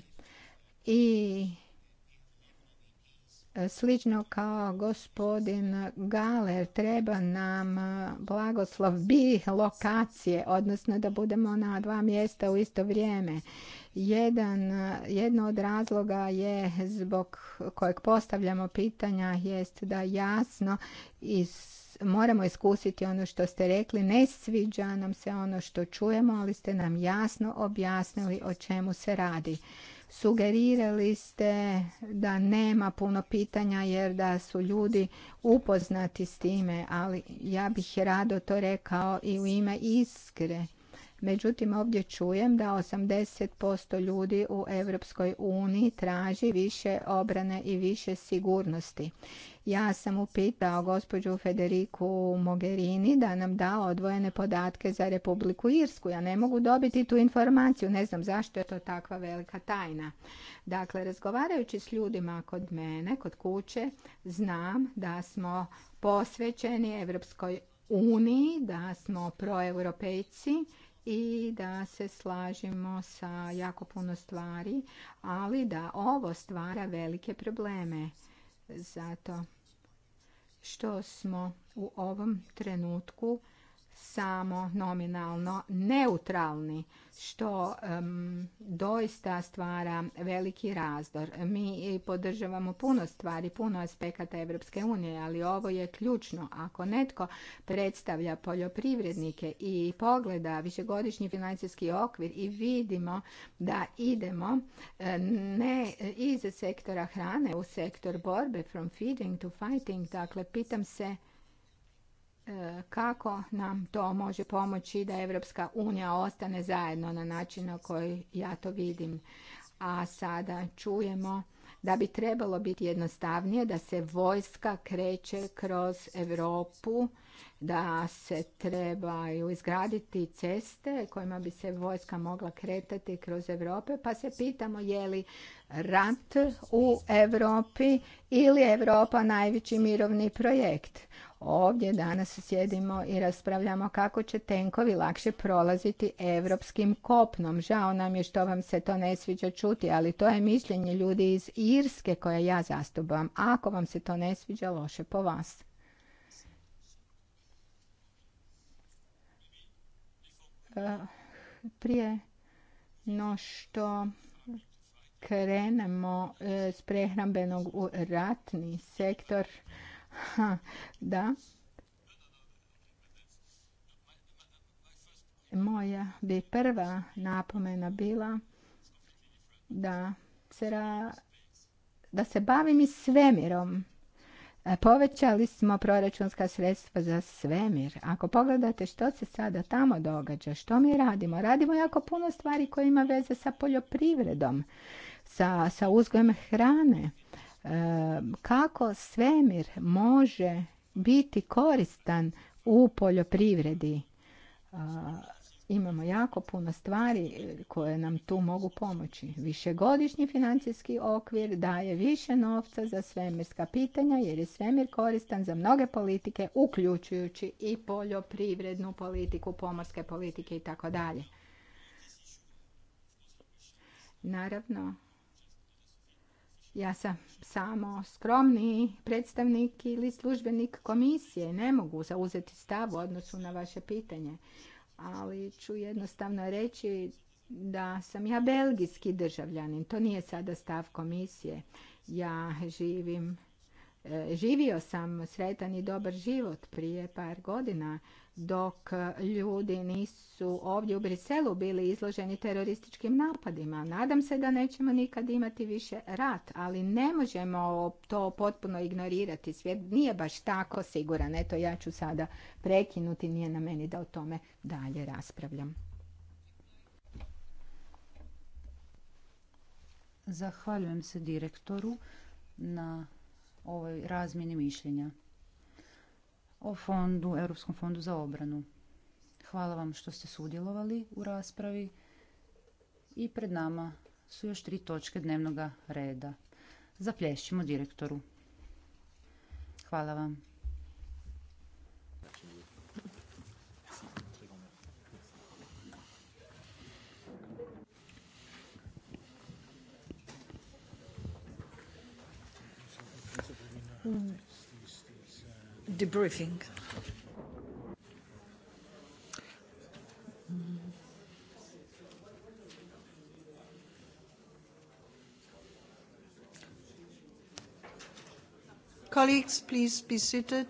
Speaker 2: i Slično kao gospodin Galer, treba nam e, blagoslov bi lokacije, odnosno da budemo na dva mjesta u isto vrijeme. Jedan, e, jedno od razloga je zbog kojeg postavljamo pitanja jest da jasno iz moramo iskusiti ono što ste rekli. Ne sviđa nam se ono što čujemo, ali ste nam jasno objasnili o čemu se radi. Sugerirali ste da nema puno pitanja jer da su ljudi upoznati s time, ali ja bih rado to rekao i u ime Iskre. Međutim, ovdje čujem da 80% ljudi u Europskoj uniji traži više obrane i više sigurnosti. Ja sam upitao gospođu Federiku Mogherini da nam da odvojene podatke za Republiku Irsku. Ja ne mogu dobiti tu informaciju, ne znam zašto je to takva velika tajna. Dakle, razgovarajući s ljudima kod mene, kod kuće, znam da smo posvećeni Europskoj uniji, da smo proeuropejci i da se slažemo sa jako puno stvari, ali da ovo stvara velike probleme. Zato što smo u ovom trenutku samo nominalno neutralni što doista stvara veliki razdor. Mi podržavamo puno stvari, puno aspekata Europske unije, ali ovo je ključno. Ako netko predstavlja poljoprivrednike i pogleda višegodišnji financijski okvir i vidimo da idemo ne iz sektora hrane u sektor borbe from feeding to fighting, dakle pitam se kako nam to može pomoći da Evropska unija ostane zajedno na način na koji ja to vidim. A sada čujemo da bi trebalo biti jednostavnije da se vojska kreće kroz Europu, da se trebaju izgraditi ceste kojima bi se vojska mogla kretati kroz Europe, pa se pitamo je li rat u Europi ili Europa najveći mirovni projekt ovdje danas sjedimo i raspravljamo kako će tenkovi lakše prolaziti europskim kopnom. Žao nam je što vam se to ne sviđa čuti, ali to je mišljenje ljudi iz Irske koje ja zastupam. Ako vam se to ne sviđa, loše po vas. Eh, prije no što krenemo eh, s prehrambenog u ratni sektor, Ha, da. Moja bi prva napomena bila da se, ra, bavim i svemirom. E, povećali smo proračunska sredstva za svemir. Ako pogledate što se sada tamo događa, što mi radimo, radimo jako puno stvari koje ima veze sa poljoprivredom, sa, sa uzgojem hrane kako svemir može biti koristan u poljoprivredi. Imamo jako puno stvari koje nam tu mogu pomoći. Višegodišnji financijski okvir daje više novca za svemirska pitanja jer je svemir koristan za mnoge politike uključujući i poljoprivrednu politiku, pomorske politike i tako dalje. Naravno, ja sam samo skromni predstavnik ili službenik komisije. Ne mogu zauzeti stav u odnosu na vaše pitanje. Ali ću jednostavno reći da sam ja belgijski državljanin. To nije sada stav komisije. Ja živim e, Živio sam sretan i dobar život prije par godina dok ljudi nisu ovdje u Briselu bili izloženi terorističkim napadima. Nadam se da nećemo nikad imati više rat, ali ne možemo to potpuno ignorirati. Svijet nije baš tako siguran. Eto, ja ću sada prekinuti, nije na meni da o tome
Speaker 3: dalje raspravljam. Zahvaljujem se direktoru na ovoj razmjeni mišljenja o fondu, Europskom fondu za obranu. Hvala vam što ste sudjelovali u raspravi i pred nama su još tri točke dnevnog reda. Zaplješćimo direktoru. Hvala vam.
Speaker 4: Mm
Speaker 1: debriefing.
Speaker 3: Colleagues, please be seated.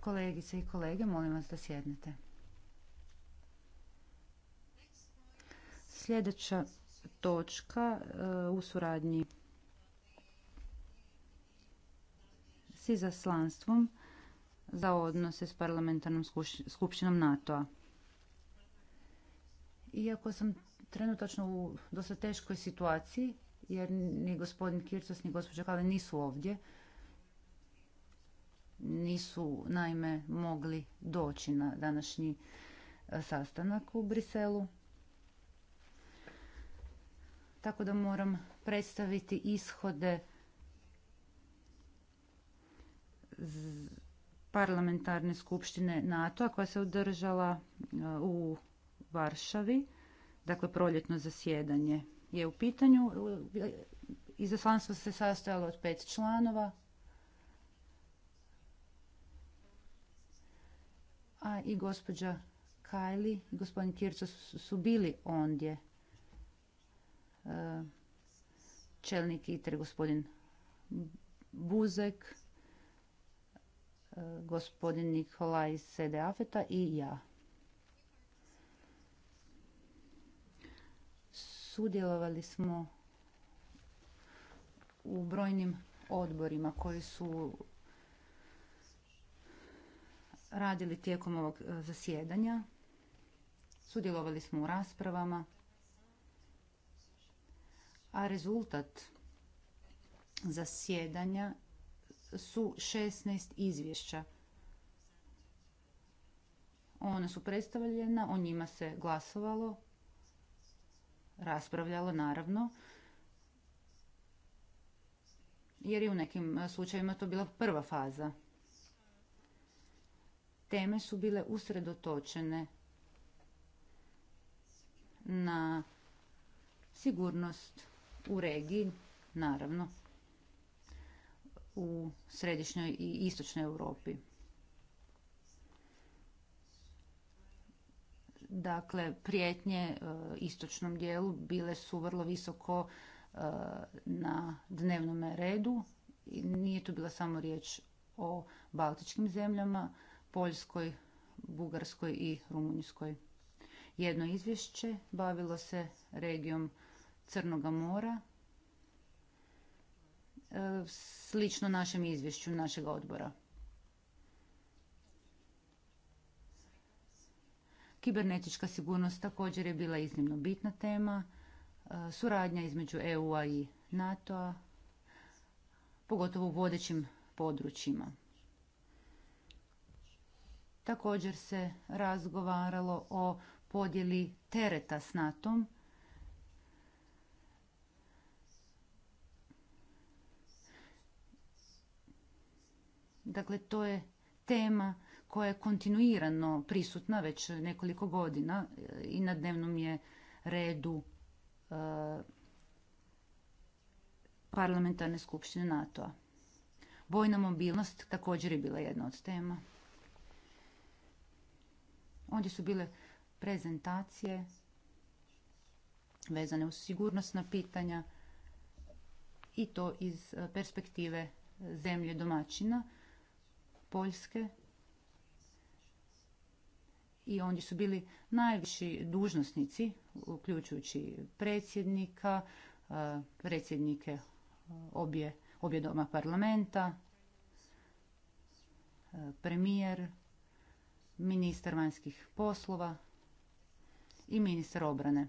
Speaker 3: Kolegice i kolege, molim vas da sjednete. Sljedeća točka eh, u suradnji s izaslanstvom za odnose s parlamentarnom skupštinom NATO-a. Iako sam trenutačno u dosta teškoj situaciji, jer ni gospodin Kircos ni gospođa Kale nisu ovdje, nisu naime mogli doći na današnji e, sastanak u Briselu. Tako da moram predstaviti ishode parlamentarne skupštine NATO-a koja se održala e, u Varšavi, dakle proljetno zasjedanje je u pitanju. Izaslanstvo se sastojalo od pet članova, a i gospođa Kajli i gospodin Kirco su bili ondje. E, čelnik ITRE, gospodin Buzek, gospodin Nikola iz Sede Afeta i ja. Sudjelovali smo u brojnim odborima koji su radili tijekom ovog e, zasjedanja. Sudjelovali smo u raspravama. A rezultat zasjedanja su 16 izvješća. Ona su predstavljena, o njima se glasovalo, raspravljalo naravno, jer je u nekim slučajevima to bila prva faza. Teme su bile usredotočene na sigurnost u regiji, naravno u središnjoj i istočnoj Europi. Dakle, prijetnje e, istočnom dijelu bile su vrlo visoko e, na dnevnom redu. Nije tu bila samo riječ o baltičkim zemljama, Poljskoj, Bugarskoj i Rumunjskoj. Jedno izvješće bavilo se regijom Crnoga mora slično našem izvješću našeg odbora. Kibernetička sigurnost također je bila iznimno bitna tema, e, suradnja između EU-a i NATO-a, pogotovo u vodećim područjima. Također se razgovaralo o podjeli tereta s NATO-om Dakle, to je tema koja je kontinuirano prisutna već nekoliko godina e, i na dnevnom je redu e, parlamentarne skupštine NATO-a. Vojna mobilnost također je bila jedna od tema. Ovdje su bile prezentacije vezane uz sigurnosna pitanja i to iz e, perspektive zemlje domaćina Poljske i oni su bili najviši dužnosnici, uključujući predsjednika, e, predsjednike e, obje, obje doma parlamenta, e, premijer, ministar vanjskih poslova i ministar obrane.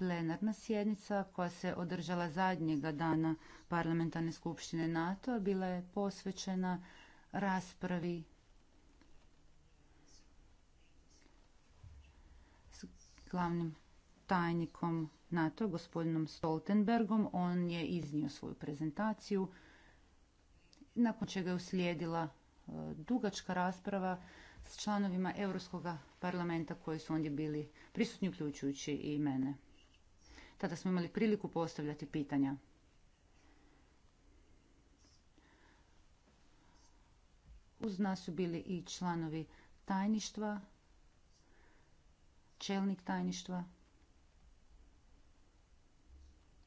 Speaker 3: plenarna sjednica koja se održala zadnjega dana parlamentarne skupštine NATO bila je posvećena raspravi s glavnim tajnikom NATO, gospodinom Stoltenbergom. On je iznio svoju prezentaciju, nakon čega je uslijedila e, dugačka rasprava s članovima Europskog parlamenta koji su ondje bili prisutni, uključujući i mene. Tada smo imali priliku postavljati pitanja. Uz nas su bili i članovi tajništva, čelnik tajništva.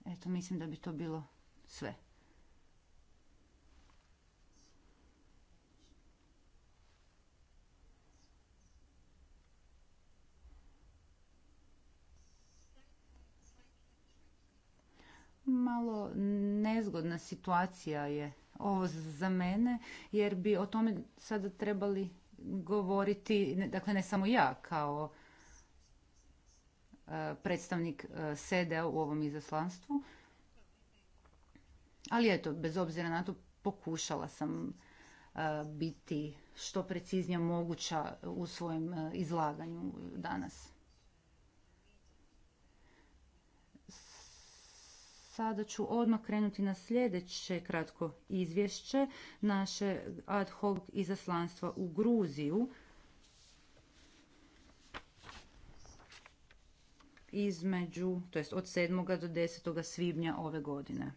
Speaker 3: Eto, mislim da bi to bilo sve. malo nezgodna situacija je ovo za mene, jer bi o tome sada trebali govoriti, dakle ne samo ja kao e, predstavnik e, sede u ovom izaslanstvu, ali eto, bez obzira na to pokušala sam e, biti što preciznija moguća u svojem izlaganju danas. Sada ću odmah krenuti na sljedeće kratko izvješće naše ad hoc izaslanstva u Gruziju. između, to jest od 7. do 10. svibnja ove godine. E,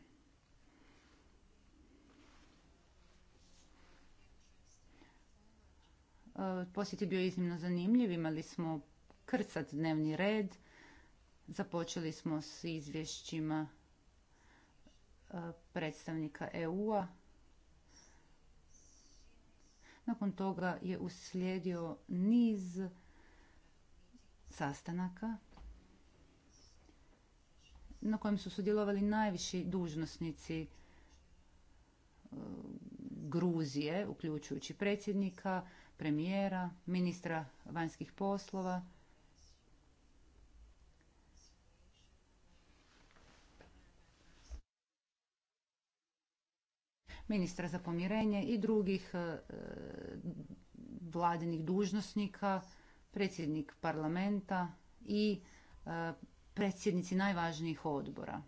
Speaker 3: posjet je bio iznimno zanimljiv, imali smo krcat dnevni red, započeli smo s izvješćima predstavnika EU-a. Nakon toga je uslijedio niz sastanaka na kojem su sudjelovali najviši dužnosnici e, Gruzije, uključujući predsjednika, premijera, ministra vanjskih poslova, ministra za pomirenje i drugih e, vladinih dužnosnika, predsjednik parlamenta i e, predsjednici najvažnijih odbora.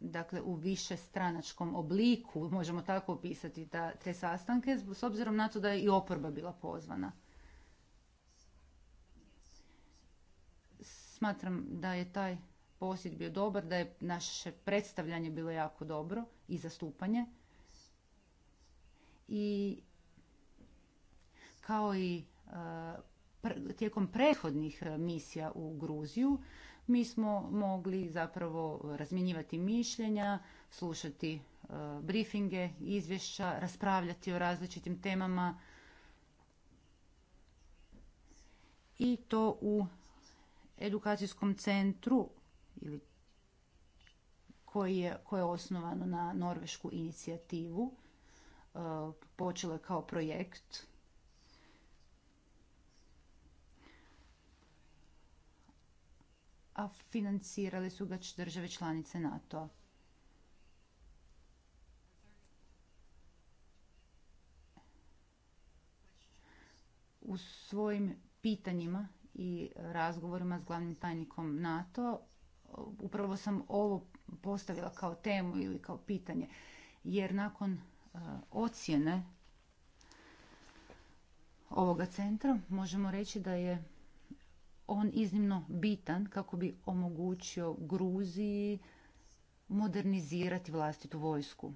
Speaker 3: dakle u više stranačkom obliku, možemo tako opisati te sastanke, s obzirom na to da je i oporba bila pozvana. Smatram da je taj posjet bio dobar, da je naše predstavljanje bilo jako dobro i zastupanje. I kao i eh, tijekom prethodnih eh, misija u Gruziju, mi smo mogli zapravo razmjenjivati mišljenja, slušati eh, briefinge, izvješća, raspravljati o različitim temama i to u edukacijskom centru ili koji je, koje je osnovano na norvešku inicijativu. E, počelo je kao projekt. A financirali su ga države članice NATO-a. U svojim pitanjima i razgovorima s glavnim tajnikom NATO, upravo sam ovo postavila kao temu ili kao pitanje, jer nakon e, ocjene ovoga centra možemo reći da je on iznimno bitan kako bi omogućio Gruziji modernizirati vlastitu vojsku.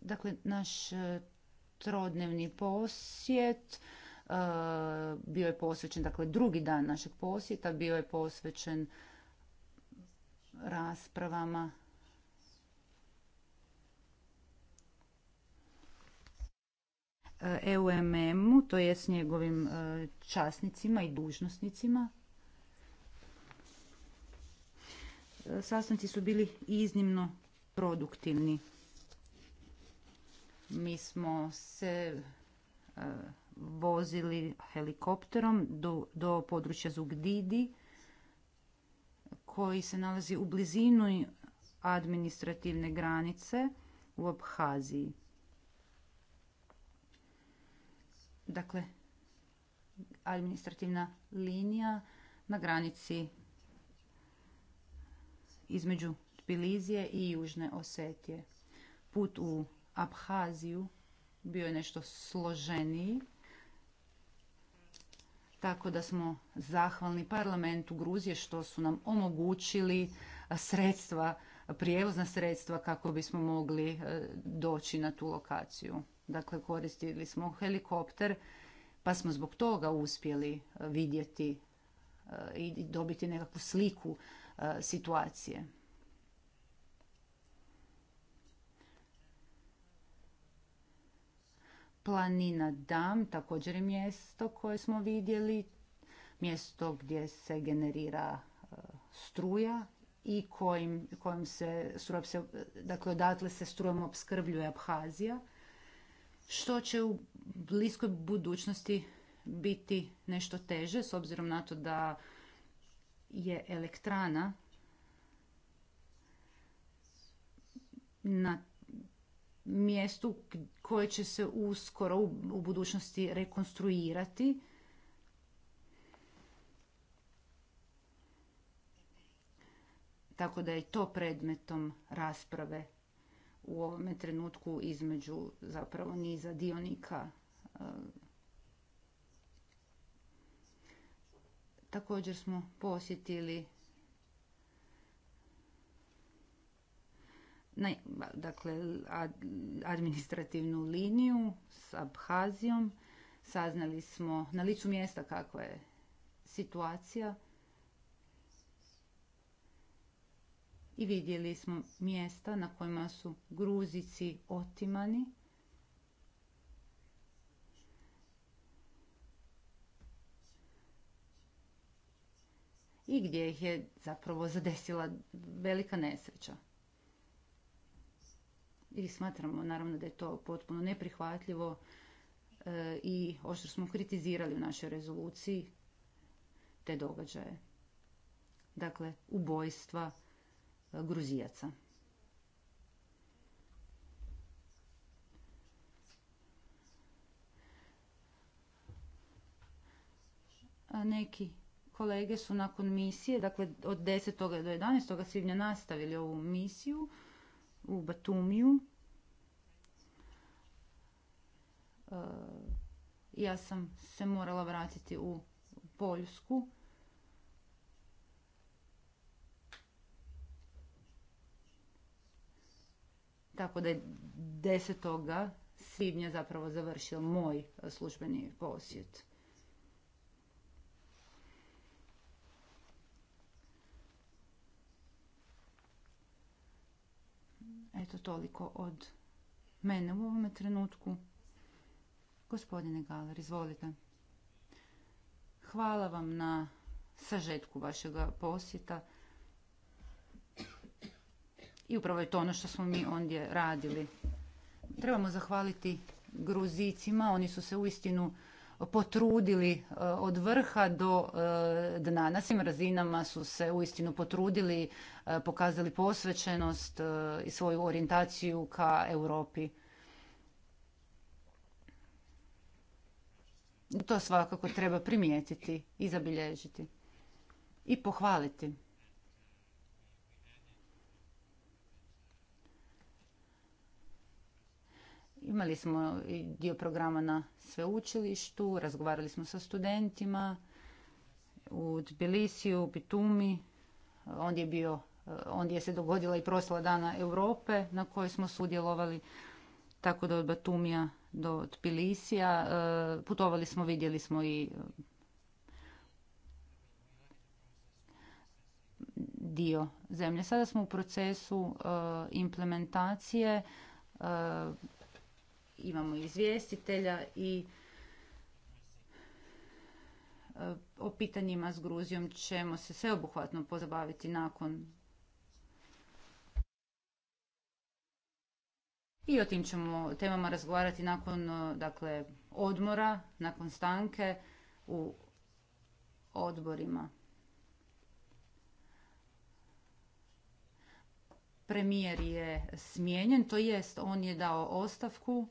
Speaker 3: Dakle, naš e, trodnevni posjet e, bio je posvećen, dakle drugi dan našeg posjeta bio je posvećen raspravama EUMM-u, e to je s njegovim e, časnicima i dužnosnicima. Sastanci su bili iznimno produktivni. Mi smo se e, vozili helikopterom do, područja Zugdidi koji se nalazi u blizinu administrativne granice u Abhaziji. Dakle, administrativna linija na granici između Tbilizije i Južne Osetije. Put u Abhaziju bio je nešto složeniji. Tako da smo zahvalni parlamentu Gruzije što su nam omogućili sredstva, prijevozna sredstva kako bismo mogli e, doći na tu lokaciju. Dakle, koristili smo helikopter pa smo zbog toga uspjeli e, vidjeti e, i dobiti nekakvu sliku situacije. Planina Dam također je mjesto koje smo vidjeli, mjesto gdje se generira e, struja i kojim, se, dakle odatle se strujom opskrbljuje Abhazija, što će u bliskoj budućnosti biti nešto teže s obzirom na to da je elektrana na mjestu koje će se uskoro u budućnosti rekonstruirati. Tako da je to predmetom rasprave u ovome trenutku između zapravo niza dionika. Eh. Također smo posjetili ne, dakle, administrativnu liniju s Abhazijom. Saznali smo na licu mjesta kakva je situacija i vidjeli smo mjesta na kojima su gruzici otimani. I gdje ih je zapravo zadesila velika nesreća i smatramo naravno da je to potpuno neprihvatljivo e, i ošto smo kritizirali u našoj rezoluciji te događaje. Dakle, ubojstva e, Gruzijaca. neki kolege su nakon misije, dakle od 10. do 11. svibnja nastavili ovu misiju u Batumiju. E, ja sam se morala vratiti u Poljsku. Tako da je 10. svibnja zapravo završio moj službeni posjet. Eto toliko od mene u ovome trenutku. Gospodine Galer, izvolite. Hvala vam na sažetku vašega posjeta. I upravo je to ono što smo mi ondje radili. Trebamo zahvaliti gruzicima, oni su se uistinu potrudili e, od vrha do e, dna. Na svim razinama su se uistinu potrudili, e, pokazali posvećenost i svoju orijentaciju ka Europi. To svakako treba primijetiti i zabilježiti i pohvaliti. Imali smo dio programa na sveučilištu, razgovarali smo sa studentima u Tbilisiju, Bitumi. Ondje je, bio, ondje se dogodila i prosla Dana Europe na kojoj smo sudjelovali. Tako da od Batumija do Tbilisija e, putovali smo, vidjeli smo i dio zemlje. Sada smo u procesu e, implementacije e, imamo izvjestitelja i e, o pitanjima s Gruzijom ćemo se sveobuhvatno pozabaviti nakon I o tim ćemo temama razgovarati nakon e, dakle, odmora, nakon stanke u odborima. Premijer je smijenjen, to jest on je dao ostavku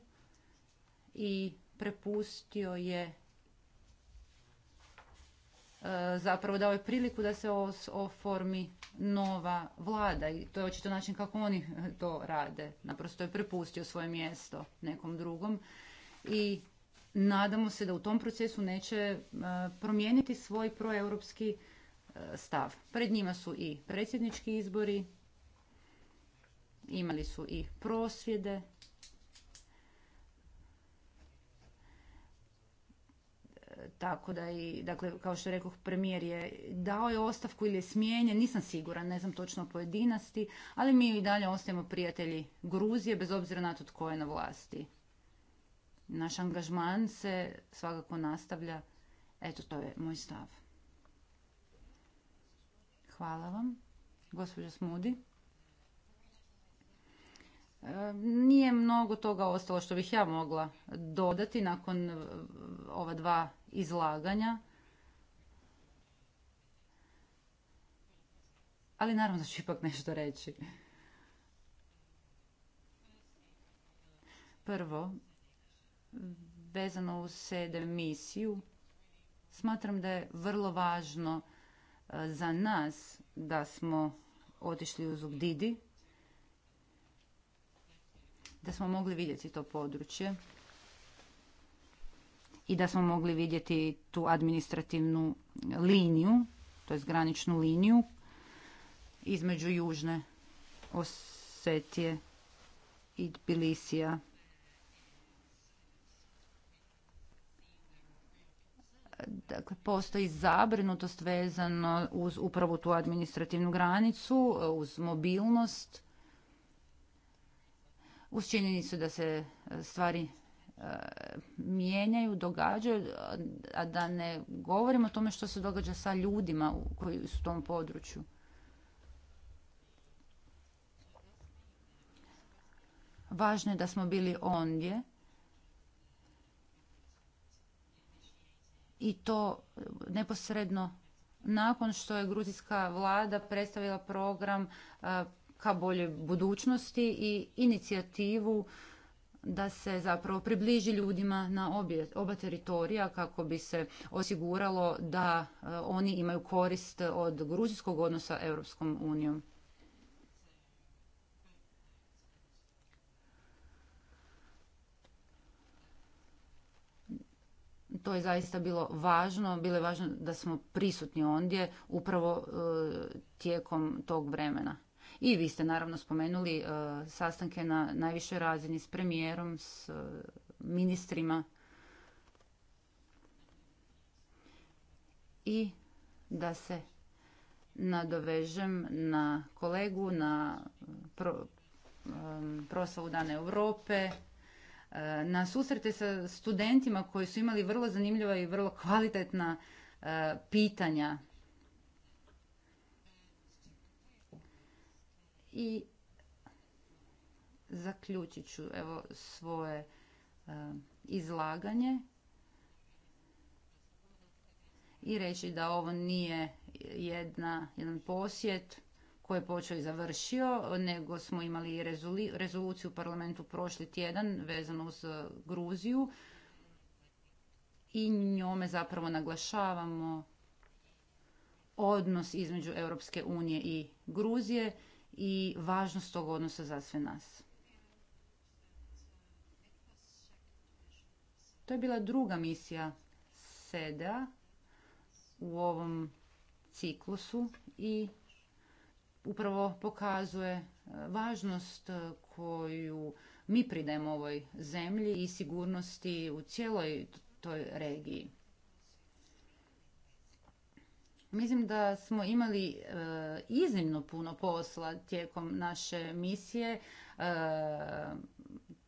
Speaker 3: i prepustio je e, zapravo dao je priliku da se oformi nova vlada i to je očito način kako oni e, to rade. Naprosto je prepustio svoje mjesto nekom drugom i nadamo se da u tom procesu neće e, promijeniti svoj proeuropski stav. Pred njima su i predsjednički izbori, imali su i prosvjede tako da i, dakle, kao što rekao premijer je dao je ostavku ili je smijenjen, nisam siguran, ne znam točno pojedinosti, ali mi i dalje ostajemo prijatelji Gruzije, bez obzira na to tko je na vlasti. Naš angažman se svakako nastavlja. Eto, to je moj stav. Hvala vam. Gospođa Smudi. E, nije mnogo toga ostalo što bih ja mogla dodati nakon ova dva izlaganja. Ali naravno da ću ipak nešto reći. Prvo, vezano u sede misiju, smatram da je vrlo važno e, za nas da smo otišli u Zugdidi da smo mogli vidjeti to područje i da smo mogli vidjeti tu administrativnu liniju, to je graničnu liniju između Južne Osetije i Tbilisija. Dakle, postoji zabrinutost vezano uz upravo tu administrativnu granicu, uz mobilnost, uz činjenicu da se stvari mijenjaju, događaju, a da ne govorimo o tome što se događa sa ljudima koji su u tom području. Važno je da smo bili ondje i to neposredno nakon što je gruzijska vlada predstavila program ka boljoj budućnosti i inicijativu da se zapravo približi ljudima na obje, oba teritorija kako bi se osiguralo da e, oni imaju korist od gruzijskog odnosa Europskom unijom. to je zaista bilo važno, bilo je važno da smo prisutni ondje upravo e, tijekom tog vremena. I vi ste naravno spomenuli e, sastanke na najvišoj razini s premijerom, s e, ministrima. I da se nadovežem na kolegu na pro, e, proslavu Dana Europe, na susrete sa studentima koji su imali vrlo zanimljiva i vrlo kvalitetna pitanja I zaključit ću evo svoje e, izlaganje i reći da ovo nije jedna, jedan posjet koji je počeo i završio, nego smo imali i rezoluciju u parlamentu prošli tjedan vezano uz e, Gruziju i njome zapravo naglašavamo odnos između Europske unije i Gruzije i važnost tog odnosa za sve nas. To je bila druga misija SEDA u ovom ciklusu i upravo pokazuje e, važnost e, koju mi pridajemo ovoj zemlji i sigurnosti u cijeloj toj regiji. Mislim da smo imali e, iznimno puno posla tijekom naše misije. E,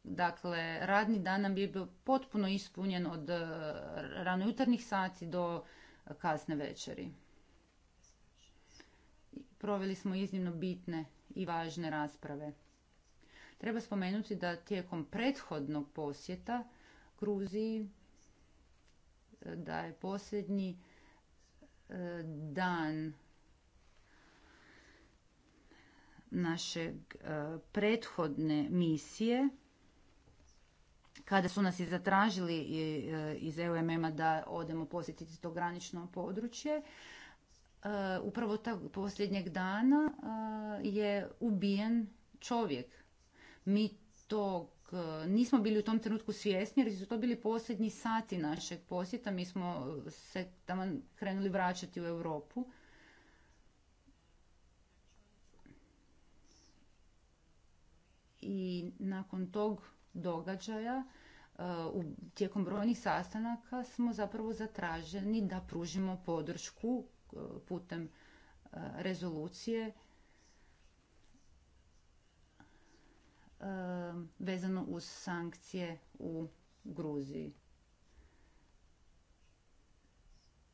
Speaker 3: dakle, radni dan nam je bio potpuno ispunjen od e, jutarnjih sati do kasne večeri. Proveli smo iznimno bitne i važne rasprave. Treba spomenuti da tijekom prethodnog posjeta Gruziji da je posljednji E, dan našeg e, prethodne misije kada su nas i zatražili e, iz EUMM-a da odemo posjetiti to granično područje. Upravo tog posljednjeg dana je ubijen čovjek. Mi tog E, nismo bili u tom trenutku svjesni jer su to bili posljednji sati našeg posjeta. Mi smo e, se tamo krenuli vraćati u Europu. I nakon tog događaja e, u tijekom brojnih sastanaka smo zapravo zatraženi da pružimo podršku putem rezolucije Um, vezano uz sankcije u Gruziji.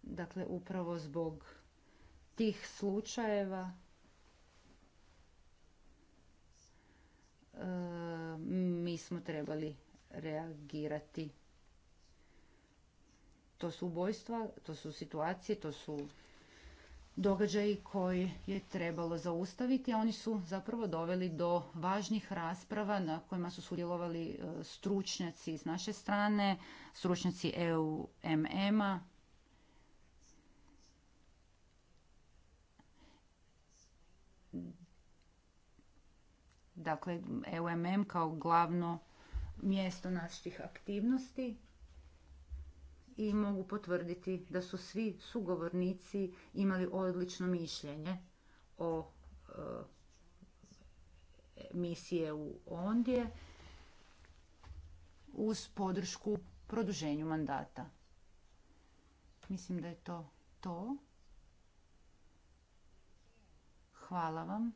Speaker 3: Dakle, upravo zbog tih slučajeva um, mi smo trebali reagirati. To su ubojstva, to su situacije, to su događaji koji je trebalo zaustaviti, a oni su zapravo doveli do važnih rasprava na kojima su sudjelovali e, stručnjaci s naše strane, stručnjaci EUMM-a, dakle EUMM kao glavno mjesto naših aktivnosti i mogu potvrditi da su svi sugovornici imali odlično mišljenje o e, misije u Ondje uz podršku produženju mandata. Mislim da je to to. Hvala vam.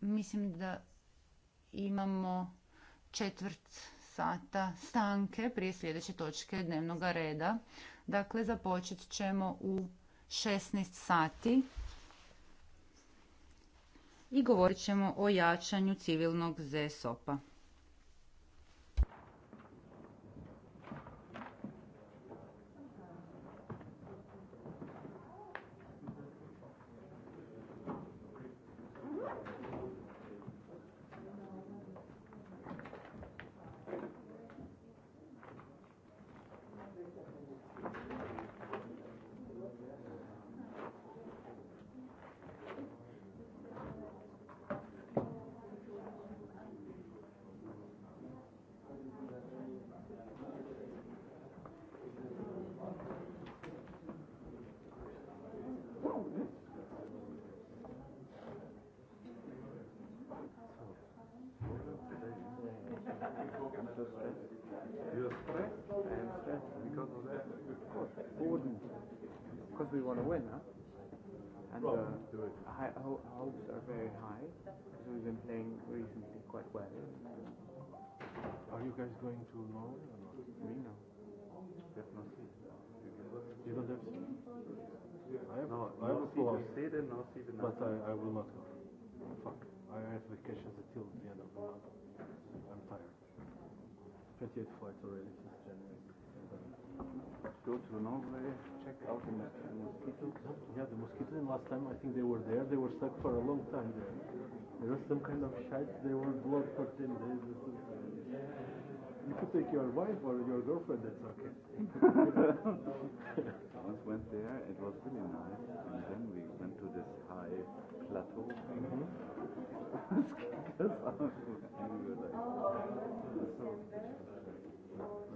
Speaker 3: Mislim da imamo četvrt sata stanke prije sljedeće točke dnevnog reda. Dakle, započet ćemo u 16 sati i govorit ćemo o jačanju civilnog ZSOP-a.
Speaker 4: are because of that. Because we want to win, huh? And uh, hopes are very high, because we've been playing recently quite well. Are you guys going to or not? Me, no. You don't have I have, no, I have a seat, no seat. But I, I will not go. Fuck. I have vacations until the end of the month. 38 flights already since January. Go to Norway, check out the uh, mosquitoes. Yeah, the mosquitoes, last time I think they were there, they were stuck for a long time there. There was some kind of shite, they were blocked for 10 days. You could take your wife or your girlfriend, that's okay. Once went there, it was really nice, and then we went to this high plateau. Mm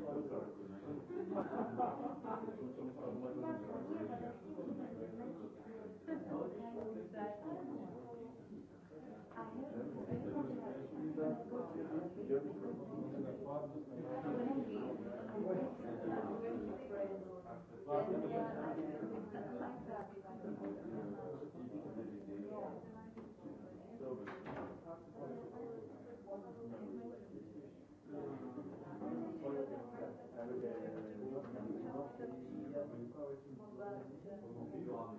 Speaker 4: Hvala Hvala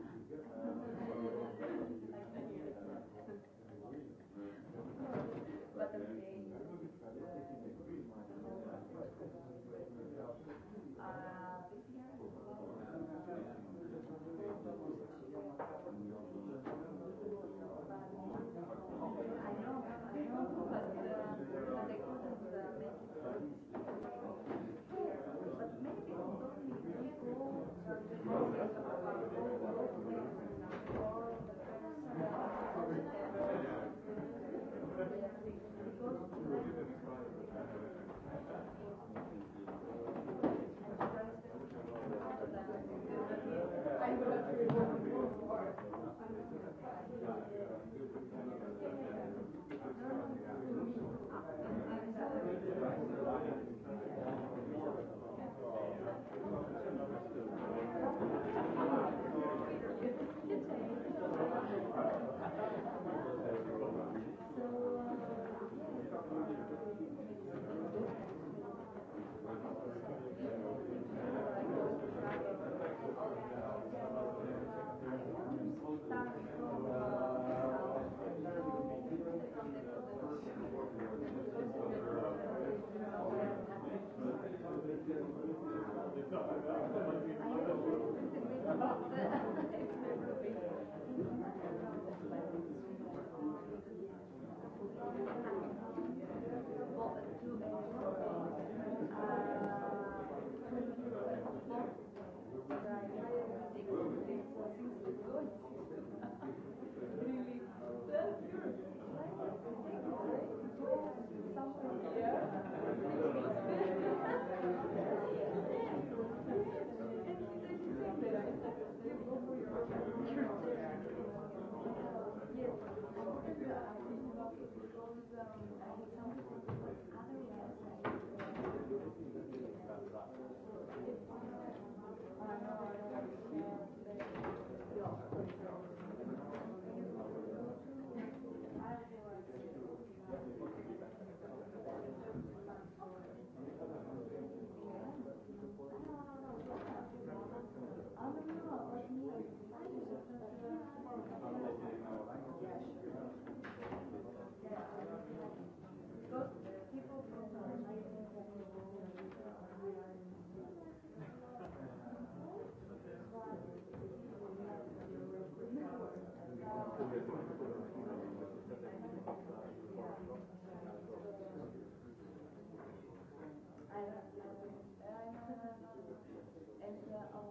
Speaker 4: and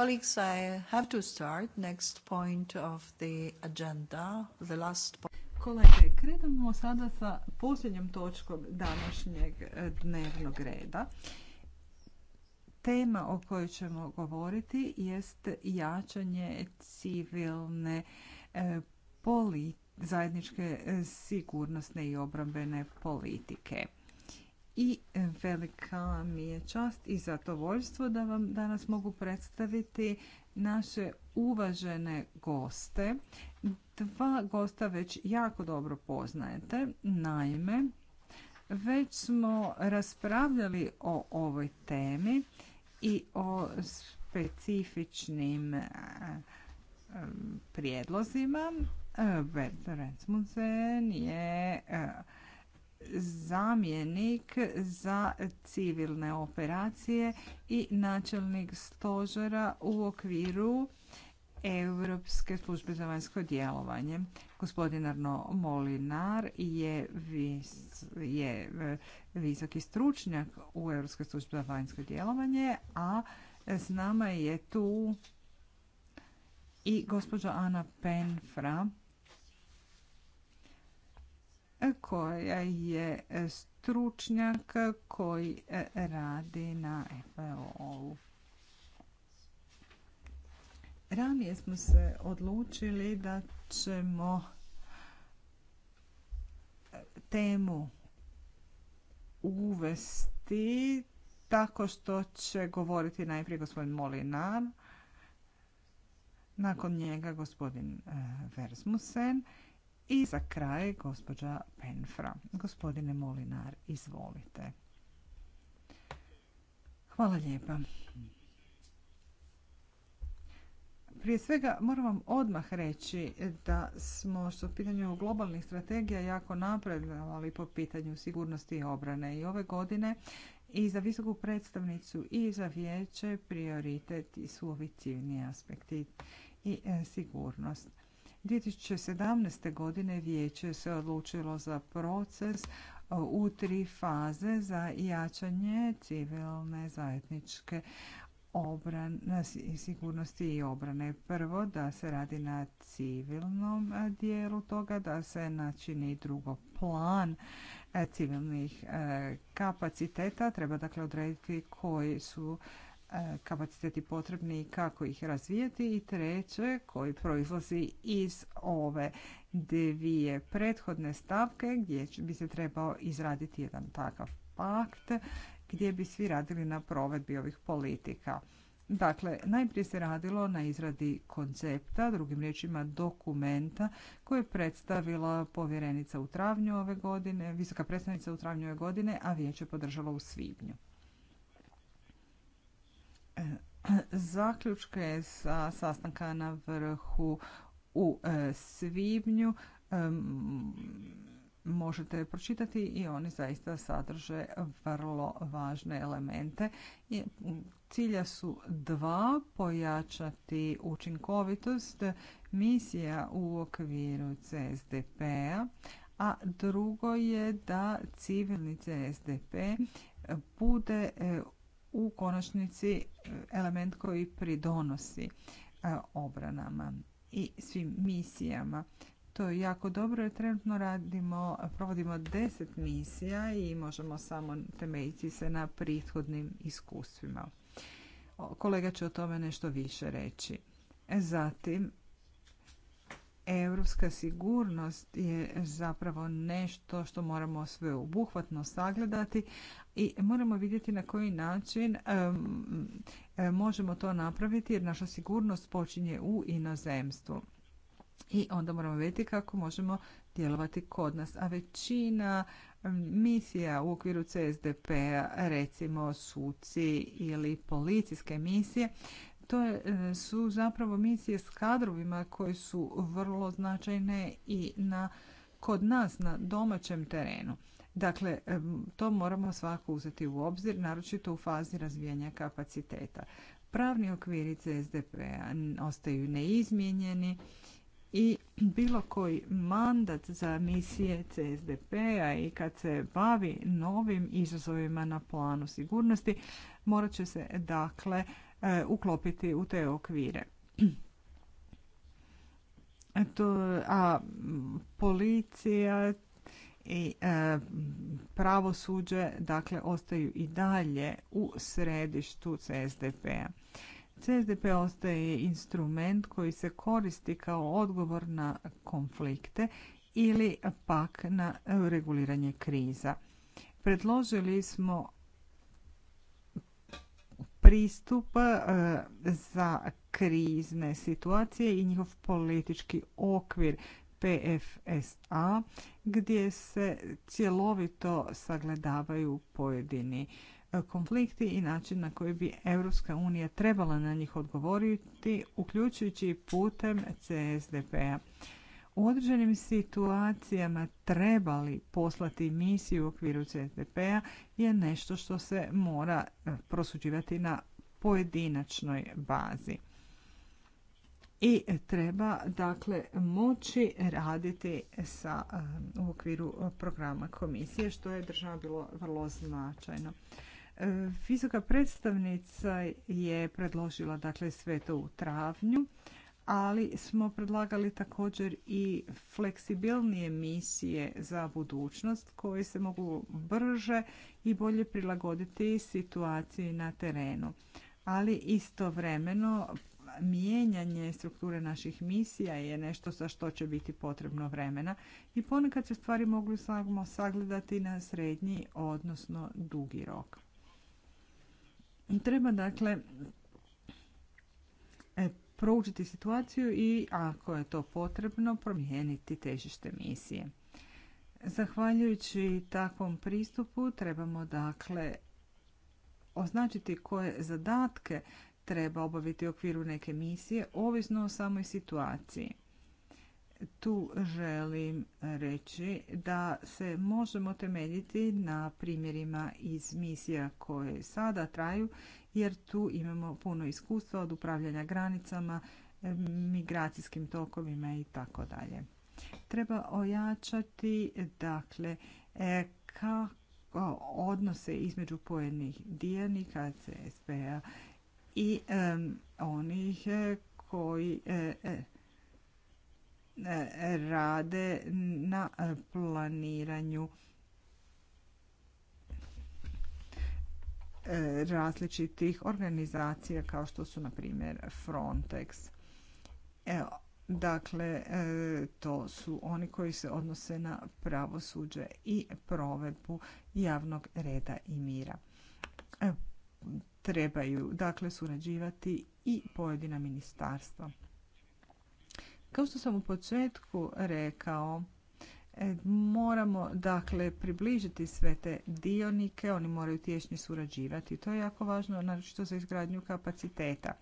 Speaker 1: Colleagues, I have to start next point of the agenda, the last point. Kolege, krenemo sada sa posljednjom točkom današnjeg eh, dnevnog reda. Tema o kojoj ćemo govoriti jest jačanje civilne eh, zajedničke eh, sigurnosne i obrambene politike i e, velika mi je čast i zadovoljstvo da vam danas mogu predstaviti naše uvažene goste. Dva gosta već jako dobro poznajete. Naime, već smo raspravljali o ovoj temi i o specifičnim e, e, prijedlozima. Bert Rensmusen je zamjenik za civilne operacije i načelnik stožera u okviru Europske službe za vanjsko djelovanje. Gospodin Arno Molinar je, je e, visoki stručnjak u Europske službe za vanjsko djelovanje, a s nama je tu i gospođa Ana Penfra, koja je stručnjak koji radi na FAO-u. Ranije smo se odlučili da ćemo temu uvesti tako što će govoriti najprije gospodin Molinar, nakon njega gospodin eh, Versmusen i za kraj, gospođa Penfra. Gospodine Molinar, izvolite. Hvala lijepa. Prije svega moram vam odmah reći da smo što u pitanju globalnih strategija jako napredovali po pitanju sigurnosti i obrane. I ove godine i za visoku predstavnicu i za vijeće prioritet su ovi ciljni aspekti i e, sigurnost. 2017. godine vijeće se odlučilo za proces e, u tri faze za jačanje civilne zajedničke sigurnosti i obrane. Prvo da se radi na civilnom e, dijelu toga, da se načini drugo plan e, civilnih kapaciteta. Treba dakle odrediti koji su E, kapaciteti potrebni i kako ih razvijeti i treće koji proizlazi iz ove dvije prethodne stavke gdje bi se trebao izraditi jedan takav pakt gdje bi svi radili na provedbi ovih politika. Dakle, najprije se radilo na izradi koncepta, drugim riječima dokumenta, koje je predstavila povjerenica u travnju ove godine, visoka predstavnica u travnju ove godine, a vijeće podržalo u svibnju zaključke sa sastanka na vrhu u e, svibnju možete pročitati i oni zaista sadrže vrlo važne elemente. Cilja su dva, pojačati učinkovitost misija u okviru CSDP-a, a drugo je da civilni CSDP bude e, u konačnici e, element koji pridonosi e, obranama i svim misijama. To je jako dobro jer trenutno radimo, provodimo deset misija i možemo samo temeljiti se na prethodnim iskustvima. Kolega će o tome nešto više reći. E, zatim, europska sigurnost je zapravo nešto što moramo sveobuhvatno sagledati, i moramo vidjeti na koji način možemo to napraviti jer naša sigurnost počinje u inozemstvu. I onda moramo vidjeti kako možemo djelovati kod nas. A većina misija u okviru csdp p-a, recimo suci ili policijske misije, to e, su zapravo misije s kadrovima koje su vrlo značajne i na, kod nas na domaćem terenu. Dakle, to moramo svako uzeti u obzir, naročito u fazi razvijanja kapaciteta. Pravni okviri CSDP a ostaju neizmijenjeni i bilo koji mandat za misije CSDP-a i kad se bavi novim izazovima na planu sigurnosti, morat će se dakle e, uklopiti u te okvire. E, a policija i e, pravosuđe dakle ostaju i dalje u središtu CSDP-a. CSDP ostaje instrument koji se koristi kao odgovor na konflikte ili pak na reguliranje kriza. Predložili smo pristup e, za krizne situacije i njihov politički okvir PFSA gdje se cjelovito sagledavaju pojedini e, konflikti i način na koji bi Europska unija trebala na njih odgovoriti, uključujući putem CSDP-a. U određenim situacijama trebali poslati misiju u okviru CSDP-a je nešto što se mora e, prosuđivati na pojedinačnoj bazi i treba dakle moći raditi sa, eh, u okviru programa komisije što je država bilo vrlo značajno. Eh, visoka predstavnica je predložila dakle sve to u travnju, ali smo predlagali također i fleksibilnije misije za budućnost koje se mogu brže i bolje prilagoditi situaciji na terenu ali istovremeno mijenjanje strukture naših misija je nešto za što će biti potrebno vremena i ponekad se stvari mogu samo sagledati na srednji, odnosno dugi rok. Treba dakle e, proučiti situaciju i ako je to potrebno promijeniti težište misije. Zahvaljujući takvom pristupu trebamo dakle označiti koje zadatke treba obaviti u okviru neke misije, ovisno o samoj situaciji. Tu želim reći da se možemo temeljiti na primjerima iz misija koje sada traju, jer tu imamo puno iskustva od upravljanja granicama, migracijskim tokovima i tako dalje. Treba ojačati dakle e, kako odnose između pojedinih dionika CSP-a i onih e, koji e, e, rade na planiranju različitih organizacija kao što su na primjer Frontex. dakle, to su oni koji se odnose na pravosuđe i provedbu javnog reda i mira trebaju dakle surađivati i pojedina ministarstva. Kao što sam u početku rekao, e, moramo dakle približiti sve te dionike, oni moraju tješnje surađivati. To je jako važno, naročito za izgradnju kapaciteta.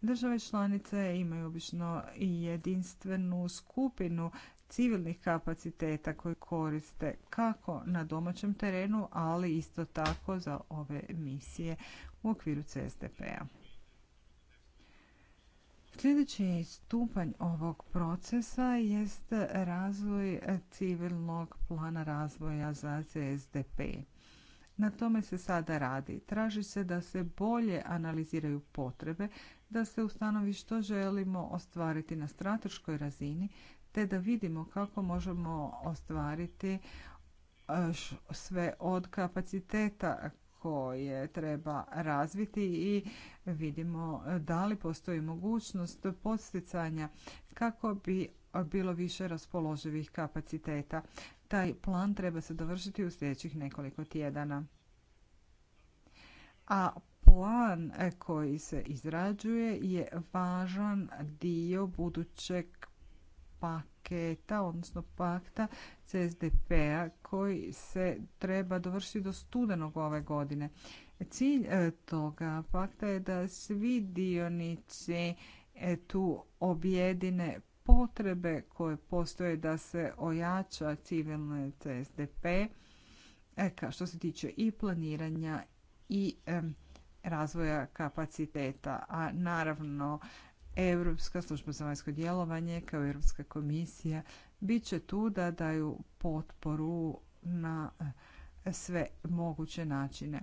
Speaker 1: Države članice imaju obično jedinstvenu skupinu civilnih kapaciteta koje koriste kako na domaćem terenu, ali isto tako za ove misije u okviru CSDP-a. Sljedeći stupanj ovog procesa jest razvoj civilnog plana razvoja za CSDP. Na tome se sada radi. Traži se da se bolje analiziraju potrebe, da se ustanovi što želimo ostvariti na strateškoj razini, te da vidimo kako možemo ostvariti e, sve od kapaciteta koje treba razviti i vidimo da li postoji mogućnost posticanja kako bi bilo više raspoloživih kapaciteta. Taj plan treba se dovršiti u sljedećih nekoliko tjedana. A plan koji se izrađuje je važan dio budućeg paketa, odnosno pakta CSDP-a koji se treba dovršiti do studenog ove godine. Cilj e, toga pakta je da svi dionici e, tu objedine potrebe koje postoje da se ojača civilne CSDP e, što se tiče i planiranja i razvoja kapaciteta. A naravno Europska služba za vanjsko djelovanje kao Europska komisija bit će tu da daju potporu na eh, sve moguće načine.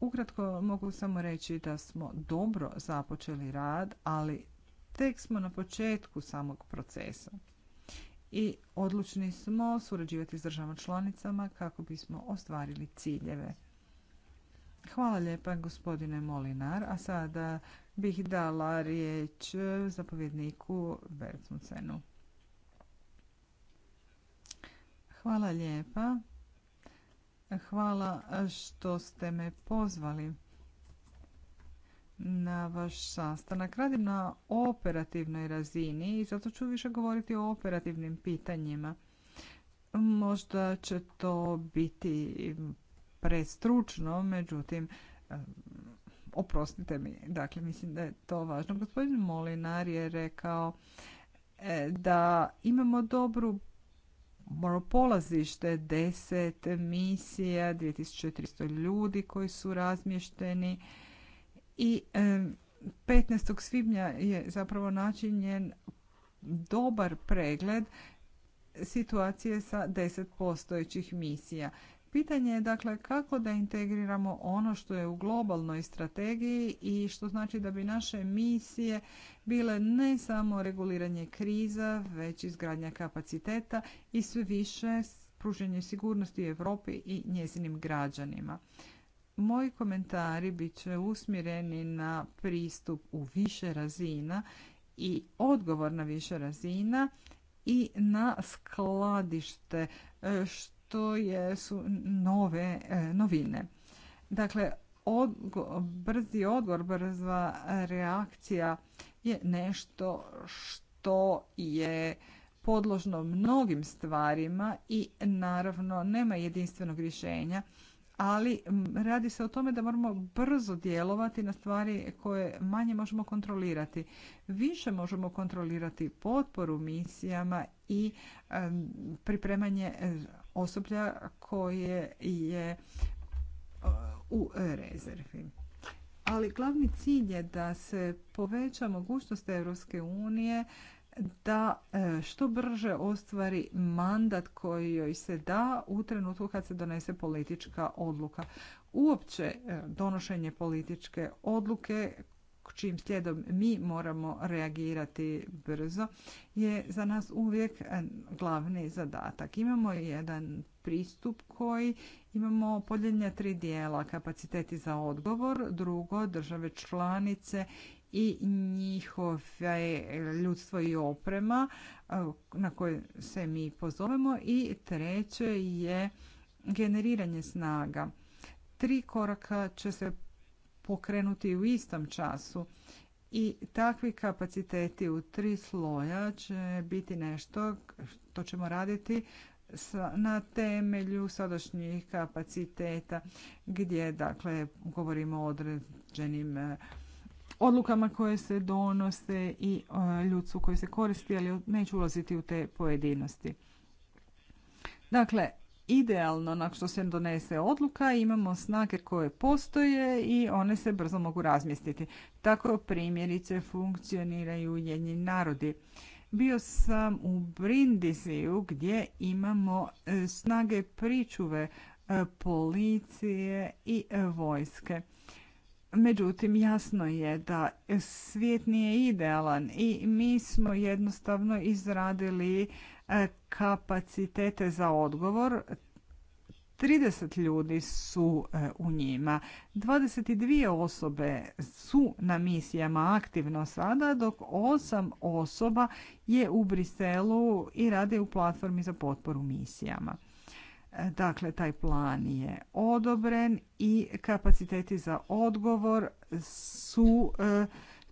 Speaker 1: Ukratko mogu samo reći da smo dobro započeli rad, ali tek smo na početku samog procesa. I odlučni smo surađivati s državama članicama kako bismo ostvarili ciljeve. Hvala lijepa gospodine Molinar, a sada bih dala riječ e, zapovjedniku cenu. Hvala lijepa. Hvala što ste me pozvali na vaš sastanak. Radim na operativnoj razini i zato ću više govoriti o operativnim pitanjima. Možda će to biti prestručno, međutim, oprostite mi, dakle mislim da je to važno. Gospodin Molinar je rekao e, da imamo dobru polazište deset misija, 2300 ljudi koji su razmješteni i 15. svibnja je zapravo načinjen dobar pregled situacije sa deset postojećih misija. Pitanje je dakle kako da integriramo ono što je u globalnoj strategiji i što znači da bi naše misije bile ne samo reguliranje kriza, već izgradnja kapaciteta i sve više pruženje sigurnosti Europi i njezinim građanima. Moji komentari bit će usmjereni na pristup u više razina i odgovor na više razina i na skladište što e, što su nove e, novine. Dakle, brzi odgovor, brza reakcija je nešto što je podložno mnogim stvarima i naravno nema jedinstvenog rješenja, ali radi se o tome da moramo brzo djelovati na stvari koje manje možemo kontrolirati. Više možemo kontrolirati potporu misijama i pripremanje osoblja koje je e, u rezervi. Ali glavni cilj je da se poveća mogućnost Europske unije da e, što brže ostvari mandat koji joj se da u trenutku kad se donese politička odluka. Uopće e, donošenje političke odluke čijim slijedom mi moramo reagirati brzo, je za nas uvijek glavni zadatak. Imamo jedan pristup koji imamo podijeljena tri dijela, kapaciteti za odgovor, drugo države članice i njihove ljudstvo i oprema na koje se mi pozovemo i treće je generiranje snaga. Tri koraka će se pokrenuti u istom času. I takvi kapaciteti u tri sloja će biti nešto što ćemo raditi na temelju sadašnjih kapaciteta gdje dakle govorimo o određenim e, odlukama koje se donose i e, ljudstvu koji se koristi, ali neću ulaziti u te pojedinosti. Dakle, idealno nakon što se donese odluka imamo snage koje postoje i one se brzo mogu razmjestiti. Tako primjerice funkcioniraju Ujedinjeni narodi. Bio sam u Brindisiju gdje imamo e, snage pričuve e, policije i e, vojske. Međutim, jasno je da svijet nije idealan i mi smo jednostavno izradili E, kapacitete za odgovor. 30 ljudi su e, u njima. 22 osobe su na misijama aktivno sada, dok 8 osoba je u Briselu i rade u platformi za potporu misijama. E, dakle, taj plan je odobren i kapaciteti za odgovor su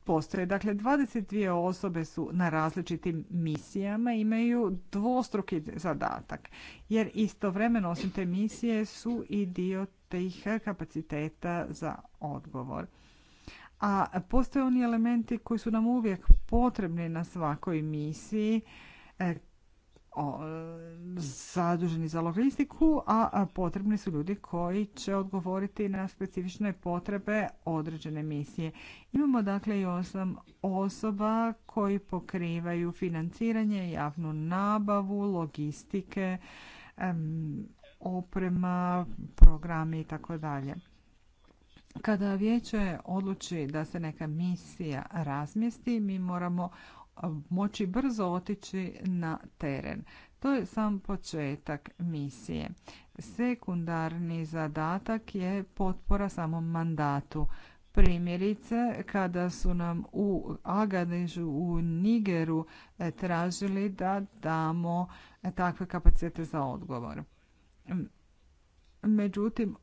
Speaker 1: postoje. Dakle, 22 osobe su na različitim misijama, imaju dvostruki zadatak, jer istovremeno osim te misije su i dio tih kapaciteta za odgovor. A postoje oni elementi koji su nam uvijek potrebni na svakoj misiji, e, zaduženi za logistiku, a potrebni su ljudi koji će odgovoriti na specifične potrebe određene misije. Imamo dakle i osam osoba koji pokrivaju financiranje, javnu nabavu, logistike, oprema, programi i tako dalje. Kada vijeće odluči da se neka misija razmjesti, mi moramo moći brzo otići na teren. To je sam početak misije. Sekundarni zadatak je potpora samom mandatu. Primjerice, kada su nam u Agadežu u Nigeru e, tražili da damo e, takve kapacitete za odgovor. Međutim,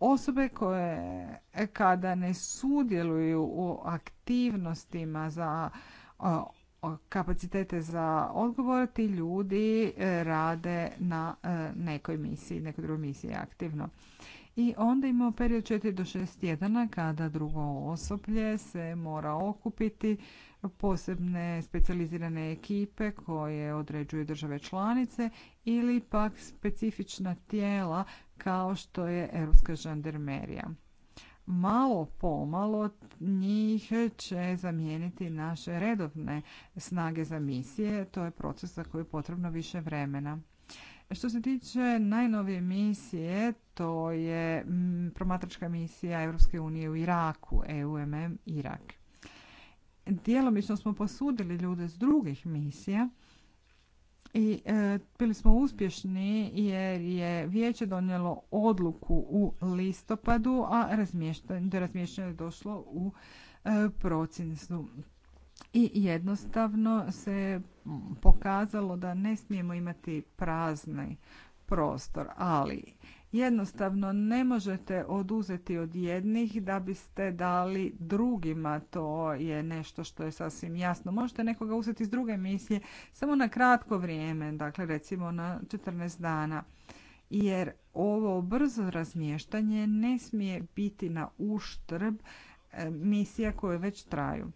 Speaker 1: osobe koje e, kada ne sudjeluju u aktivnostima za kapacitete za odgovor, ti ljudi e, rade na e, nekoj misiji, nekoj drugoj misiji aktivno. I onda imamo period 4 do 6 tjedana kada drugo osoblje se mora okupiti, posebne specializirane ekipe koje određuju države članice ili pak specifična tijela kao što je Europska žandarmerija malo pomalo njih će zamijeniti naše redovne snage za misije. To je proces za koji je potrebno više vremena. Što se tiče najnovije misije, to je mm, promatračka misija Europske unije u Iraku, EUMM Irak. Djelomično smo posudili ljude s drugih misija i e, bili smo uspješni jer je vijeće donijelo odluku u listopadu, a do razmještanja je došlo u e, I jednostavno se pokazalo da ne smijemo imati prazni prostor, ali Jednostavno ne možete oduzeti od jednih da biste dali drugima, to je nešto što je sasvim jasno. Možete nekoga uzeti iz druge misije samo na kratko vrijeme, dakle recimo na 14 dana. Jer ovo brzo razmještanje ne smije biti na uštrb e, misija koje već traju.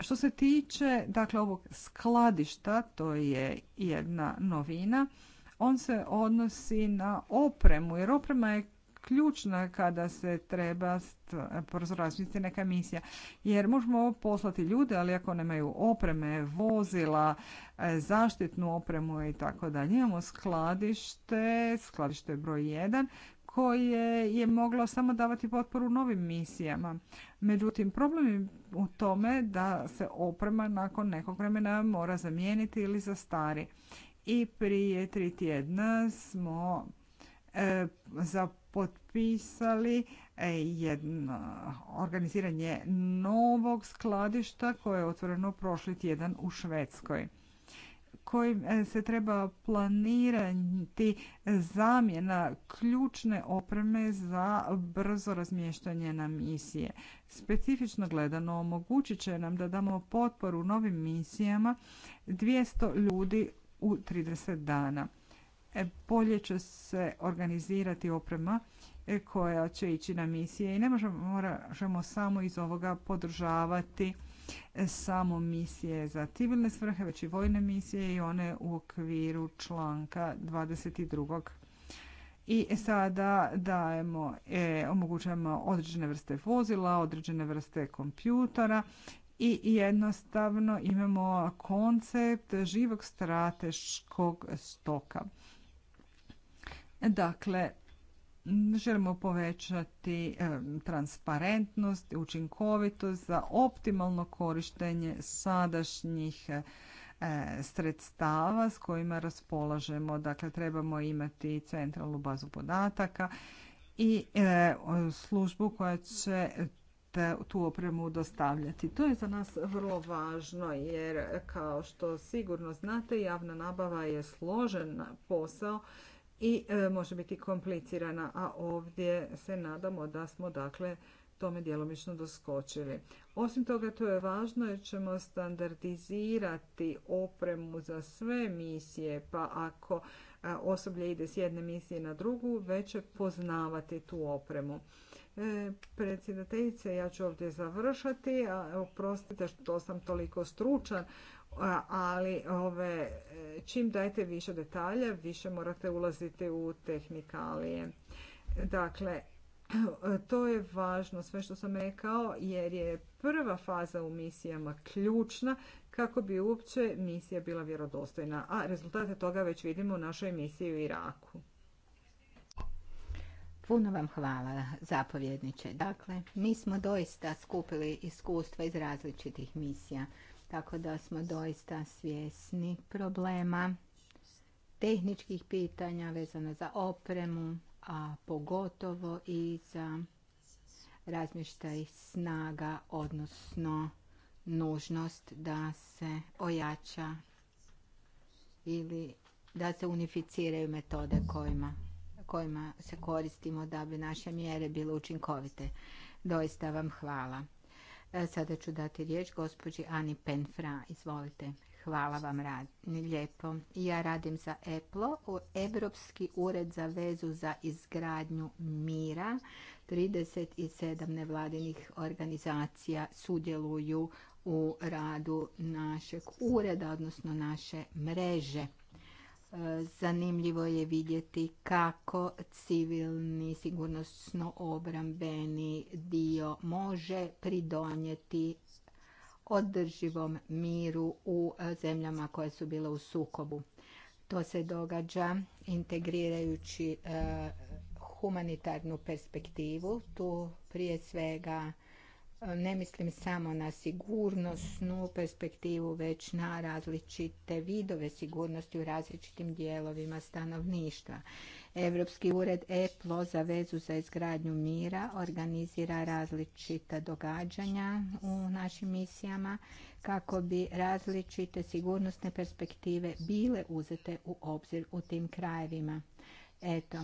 Speaker 1: Što se tiče dakle, ovog skladišta, to je jedna novina on se odnosi na opremu, jer oprema je ključna kada se treba razmisliti neka misija. Jer možemo poslati ljude, ali ako nemaju opreme, vozila, e, zaštitnu opremu i tako dalje. Imamo skladište, skladište broj 1, koje je moglo samo davati potporu novim misijama. Međutim, problem je u tome da se oprema nakon nekog vremena mora zamijeniti ili zastari i prije tri tjedna smo e, zapotpisali e, jedno organiziranje novog skladišta koje je otvoreno prošli tjedan u Švedskoj kojim e, se treba planirati zamjena ključne opreme za brzo razmještanje na misije. Specifično gledano omogućit će nam da damo potporu novim misijama 200 ljudi u 30 dana. E, bolje će se organizirati oprema e, koja će ići na misije i ne možemo, samo iz ovoga podržavati e, samo misije za civilne svrhe, već i vojne misije i one u okviru članka 22. I sada dajemo, omogućujemo određene vrste vozila, određene vrste kompjutora i jednostavno imamo koncept živog strateškog stoka. Dakle, želimo povećati e, transparentnost, učinkovitost za optimalno korištenje sadašnjih e, sredstava s kojima raspolažemo. Dakle, trebamo imati centralnu bazu podataka i e, službu koja će tu opremu dostavljati. To je za nas vrlo važno jer kao što sigurno znate javna nabava je složen posao i e, može biti komplicirana, a ovdje se nadamo da smo dakle tome djelomično doskočili. Osim toga, to je važno jer ćemo standardizirati opremu za sve misije, pa ako e, osoblje ide s jedne misije na drugu, već će poznavati tu opremu. E, predsjedateljice, ja ću ovdje završati. Oprostite što sam toliko stručan, ali ove, čim dajete više detalja, više morate ulaziti u tehnikalije. Dakle, to je važno, sve što sam rekao, jer je prva faza u misijama ključna kako bi uopće misija bila vjerodostojna, a rezultate toga već vidimo u našoj misiji u Iraku.
Speaker 2: Puno vam hvala, zapovjedniče. Dakle, mi smo doista skupili iskustva iz različitih misija, tako da smo doista svjesni problema, tehničkih pitanja vezano za opremu, a pogotovo i za razmještaj snaga, odnosno nužnost da se ojača ili da se unificiraju metode kojima kojima se koristimo da bi naše mjere bile učinkovite. Doista vam hvala. E, sada ću dati riječ gospođi Ani Penfra. Izvolite. Hvala vam rad, lijepo. Ja radim za EPLO, Europski ured za vezu za izgradnju mira. 37 nevladinih organizacija sudjeluju u radu našeg ureda, odnosno naše mreže. Zanimljivo je vidjeti kako civilni sigurnosno-obrambeni dio može pridonijeti održivom miru u zemljama koje su bile u sukobu. To se događa integrirajući eh, humanitarnu perspektivu. Tu prije svega E, ne mislim samo na sigurnosnu perspektivu, već na različite vidove sigurnosti u različitim dijelovima stanovništva. Europski ured EPLO za vezu za izgradnju mira organizira različita događanja u našim misijama kako bi različite sigurnosne perspektive bile uzete u obzir u tim krajevima. Eto,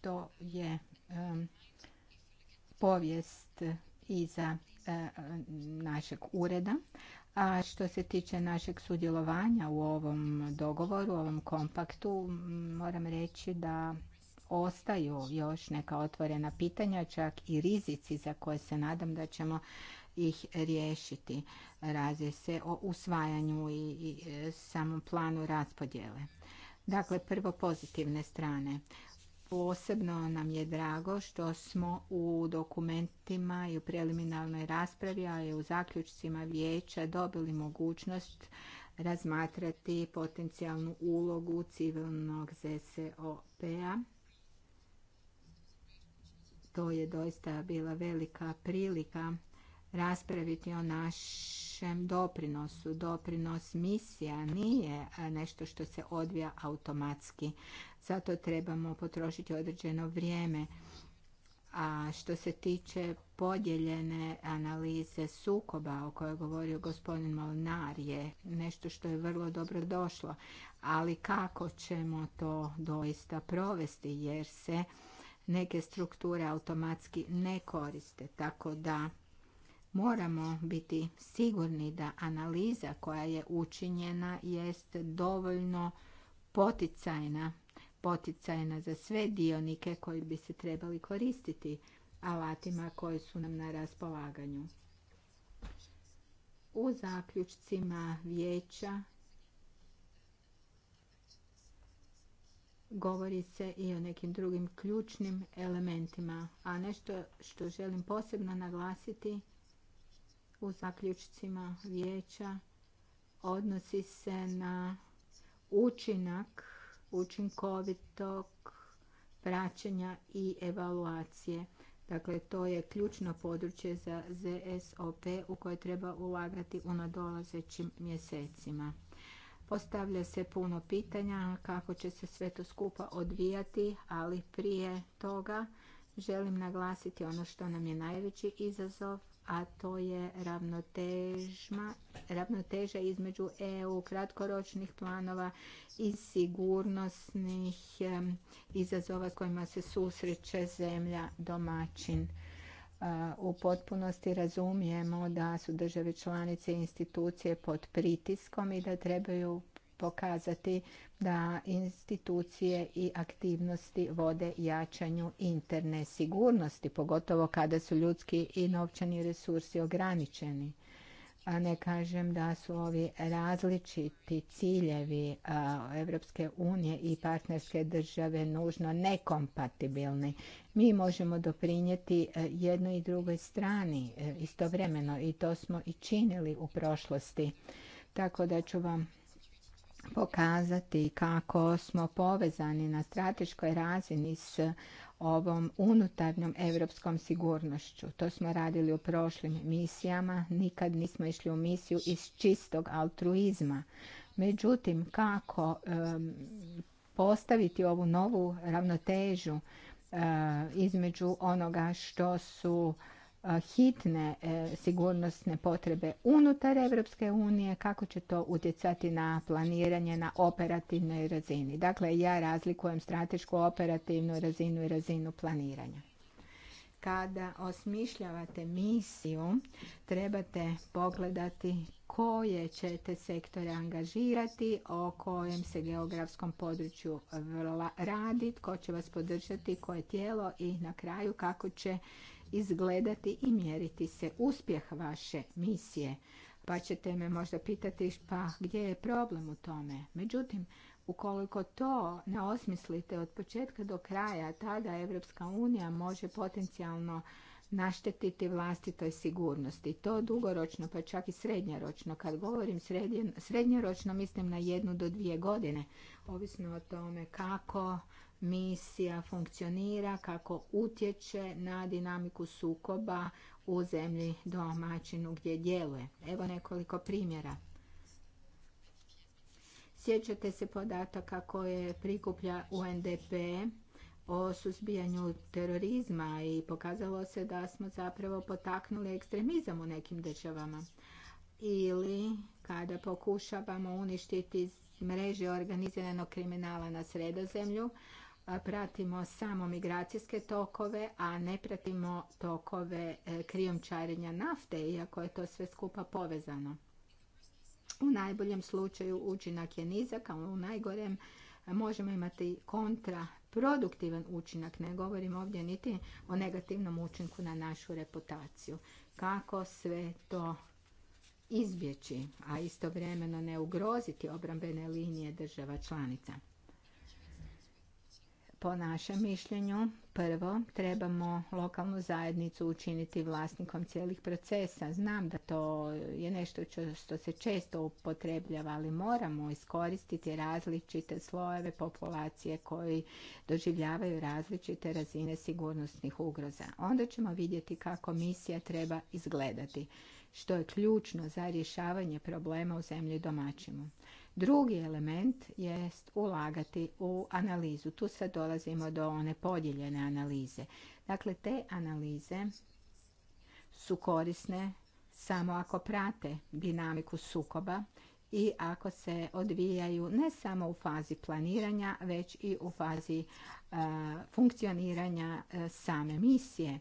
Speaker 2: to je um, povijest iza E, našeg ureda. A što se tiče našeg sudjelovanja u ovom dogovoru, u ovom kompaktu, moram reći da ostaju još neka otvorena pitanja, čak i rizici za koje se nadam da ćemo ih riješiti. Razi se o usvajanju i, i samom planu raspodjele. Dakle, prvo pozitivne strane. Posebno nam je drago što smo u dokumentima i u preliminarnoj raspravi, a i u zaključcima vijeća dobili mogućnost razmatrati potencijalnu ulogu civilnog ZSOP-a. To je doista bila velika prilika raspraviti o našem doprinosu. Doprinos misija nije nešto što se odvija automatski. Zato trebamo potrošiti određeno vrijeme. A što se tiče podijeljene analize sukoba o kojoj je govorio gospodin Molnar je nešto što je vrlo dobro došlo. Ali kako ćemo to doista provesti jer se neke strukture automatski ne koriste. Tako da moramo biti sigurni da analiza koja je učinjena jest dovoljno poticajna poticajna za sve dionike koji bi se trebali koristiti alatima koji su nam na raspolaganju. U zaključcima vijeća govori se i o nekim drugim ključnim elementima, a nešto što želim posebno naglasiti u zaključcima vijeća odnosi se na učinak učinkovitog praćenja i evaluacije. Dakle, to je ključno područje za ZSOP u koje treba ulagati u nadolazećim mjesecima. Postavlja se puno pitanja kako će se sve to skupa odvijati, ali prije toga želim naglasiti ono što nam je najveći izazov, a to je ravnoteža između EU kratkoročnih planova i sigurnosnih izazova kojima se susreće zemlja domaćin. E, u potpunosti razumijemo da su države članice i institucije pod pritiskom i da trebaju pokazati da institucije i aktivnosti vode jačanju interne sigurnosti, pogotovo kada su ljudski i novčani resursi ograničeni. A ne kažem da su ovi različiti ciljevi Europske unije i partnerske države nužno nekompatibilni. Mi možemo doprinijeti e, jednoj i drugoj strani e, istovremeno i to smo i činili u prošlosti. Tako da ću vam pokazati kako smo povezani na strateškoj razini s ovom unutarnjom europskom sigurnošću. To smo radili u prošlim misijama, nikad nismo išli u misiju iz čistog altruizma. Međutim, kako postaviti ovu novu ravnotežu eh, između onoga što su hitne e, sigurnosne potrebe unutar Europske unije, kako će to utjecati na planiranje na operativnoj razini. Dakle, ja razlikujem stratešku operativnu razinu i razinu planiranja. Kada osmišljavate misiju, trebate pogledati koje ćete sektore angažirati, o kojem se geografskom području radi, tko će vas podržati, koje tijelo i na kraju kako će izgledati i mjeriti se uspjeh vaše misije. Pa ćete me možda pitati pa gdje je problem u tome. Međutim, ukoliko to ne osmislite od početka do kraja, tada Evropska unija može potencijalno naštetiti vlastitoj sigurnosti. To dugoročno, pa čak i srednjoročno. Kad govorim srednjoročno, mislim na jednu do dvije godine. Ovisno o tome kako misija funkcionira, kako utječe na dinamiku sukoba u zemlji domaćinu gdje djeluje. Evo nekoliko primjera. Sjećate se podataka koje prikuplja UNDP o suzbijanju terorizma i pokazalo se da smo zapravo potaknuli ekstremizam u nekim državama. Ili kada pokušavamo uništiti mreže organiziranog kriminala na sredozemlju, pratimo samo migracijske tokove, a ne pratimo tokove e, krijumčarenja nafte, iako je to sve skupa povezano. U najboljem slučaju učinak je nizak, a u najgorem e, možemo imati kontraproduktivan učinak. Ne govorim ovdje niti o negativnom učinku na našu reputaciju. Kako sve to izbjeći, a istovremeno ne ugroziti obrambene linije država članica? Po našem mišljenju, prvo, trebamo lokalnu zajednicu učiniti vlasnikom cijelih procesa. Znam da to je nešto što se često upotrebljava, ali moramo iskoristiti različite slojeve populacije koji doživljavaju različite razine sigurnosnih ugroza. Onda ćemo vidjeti kako misija treba izgledati, što je ključno za rješavanje problema u zemlji domaćinu. Drugi element jest ulagati u analizu. Tu sad dolazimo do one podijeljene analize. Dakle, te analize su korisne samo ako prate dinamiku sukoba i ako se odvijaju ne samo u fazi planiranja, već i u fazi funkcioniranja same misije.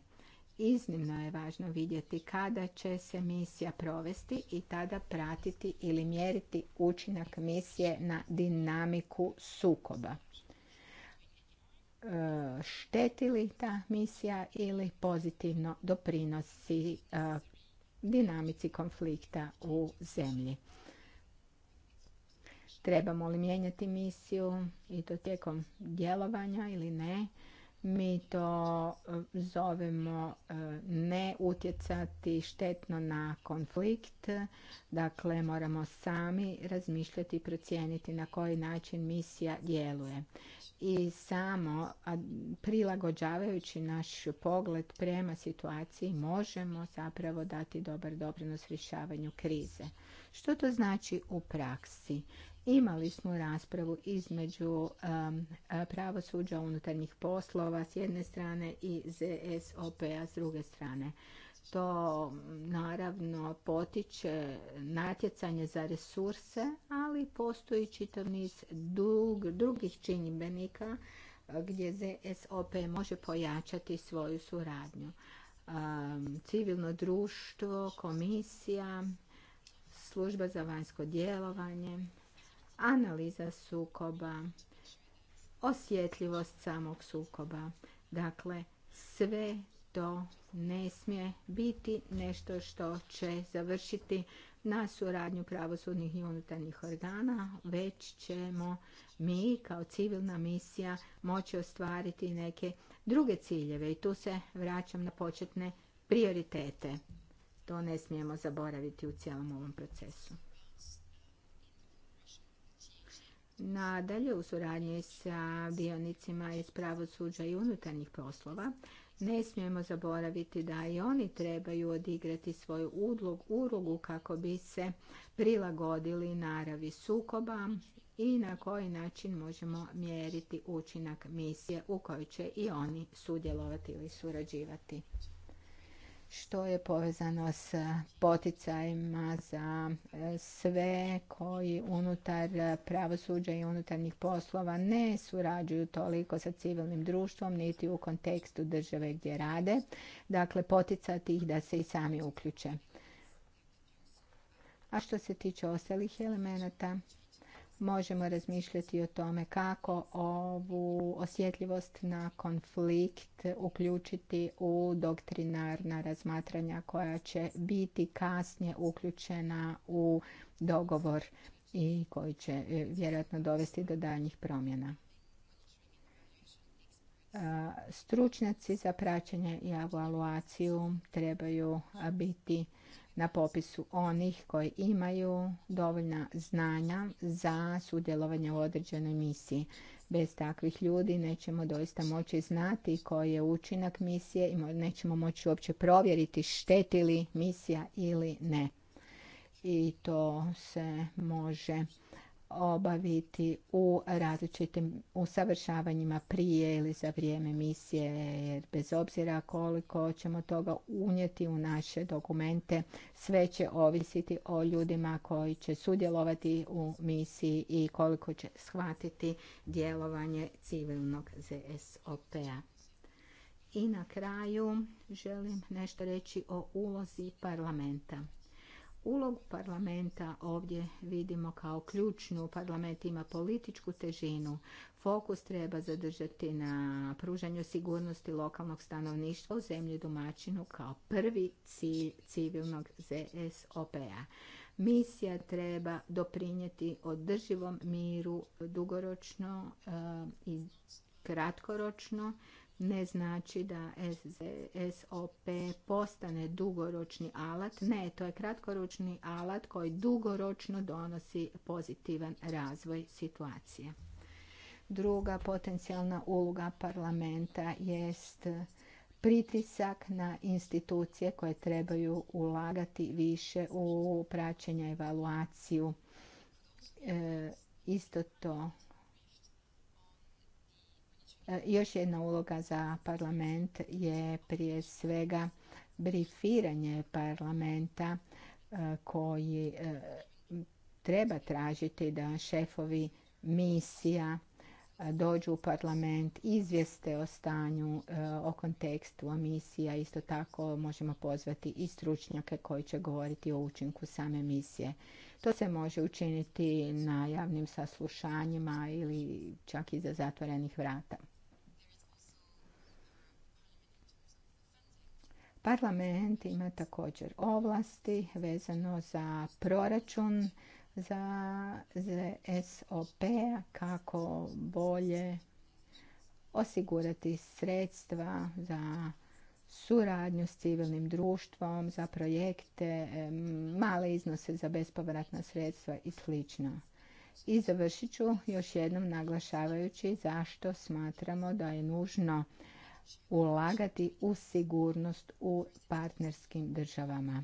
Speaker 2: Iznimno je važno vidjeti kada će se misija provesti i tada pratiti ili mjeriti učinak misije na dinamiku sukoba. E, šteti li ta misija ili pozitivno doprinosi e, dinamici konflikta u zemlji. Trebamo li mijenjati misiju i to tijekom djelovanja ili ne? Mi to e, zovemo e, ne utjecati štetno na konflikt, dakle moramo sami razmišljati i procijeniti na koji način misija djeluje. I samo prilagođavajući naš pogled prema situaciji možemo zapravo dati dobar doprinos rješavanju krize. Što to znači u praksi? Imali smo raspravu između um, pravosuđa unutarnjih poslova s jedne strane i ZSOP-a s druge strane. To naravno potiče natjecanje za resurse, ali postoji čitav niz drugih činjenika uh, gdje ZSOP može pojačati svoju suradnju. Um, civilno društvo, komisija, služba za vanjsko djelovanje, analiza sukoba, osjetljivost samog sukoba. Dakle, sve to ne smije biti nešto što će završiti na suradnju pravosudnih i unutarnjih organa, već ćemo mi kao civilna misija moći ostvariti neke druge ciljeve i tu se vraćam na početne prioritete. To ne smijemo zaboraviti u cijelom ovom procesu. Nadalje, u suradnji sa dionicima iz pravosuđa i unutarnjih poslova, ne smijemo zaboraviti da i oni trebaju odigrati svoju udlog, ulogu kako bi se prilagodili naravi sukoba i na koji način možemo mjeriti učinak misije u kojoj će i oni sudjelovati ili surađivati što je povezano s poticajima za e, sve koji unutar pravosuđa i unutarnjih poslova ne surađuju toliko sa civilnim društvom niti u kontekstu države gdje rade. Dakle, poticati ih da se i sami uključe. A što se tiče ostalih elemenata, možemo razmišljati o tome kako ovu osjetljivost na konflikt uključiti u doktrinarna razmatranja koja će biti kasnije uključena u dogovor i koji će e, vjerojatno dovesti do daljnjih promjena. E, stručnjaci za praćenje i evaluaciju trebaju biti na popisu onih koji imaju dovoljna znanja za sudjelovanje u određenoj misiji. Bez takvih ljudi nećemo doista moći znati koji je učinak misije i nećemo moći uopće provjeriti šteti li misija ili ne. I to se može obaviti u različitim usavršavanjima prije ili za vrijeme misije, jer bez obzira koliko ćemo toga unijeti u naše dokumente, sve će ovisiti o ljudima koji će sudjelovati u misiji i koliko će shvatiti djelovanje civilnog ZSOP-a. I na kraju želim nešto reći o ulozi parlamenta. Ulog parlamenta ovdje vidimo kao ključnu. Parlament ima političku težinu. Fokus treba zadržati na pružanju sigurnosti lokalnog stanovništva u zemlji domaćinu kao prvi cilj civilnog ZSOP-a. Misija treba doprinijeti održivom miru dugoročno eh, i kratkoročno ne znači da SOP postane dugoročni alat. Ne, to je kratkoročni alat koji dugoročno donosi pozitivan razvoj situacije. Druga potencijalna uloga parlamenta jest pritisak na institucije koje trebaju ulagati više u praćenje evaluaciju. E, isto to E, još jedna uloga za parlament je prije svega brifiranje parlamenta e, koji e, treba tražiti da šefovi misija dođu u parlament, izvijeste o stanju, o kontekstu, o misija. Isto tako možemo pozvati i stručnjake koji će govoriti o učinku same misije. To se može učiniti na javnim saslušanjima ili čak i za zatvorenih vrata. Parlament ima također ovlasti vezano za proračun za SOP kako bolje osigurati sredstva za suradnju s civilnim društvom, za projekte, male iznose za bespovratna sredstva i sl. I završit ću još jednom naglašavajući zašto smatramo da je nužno ulagati u sigurnost u partnerskim državama.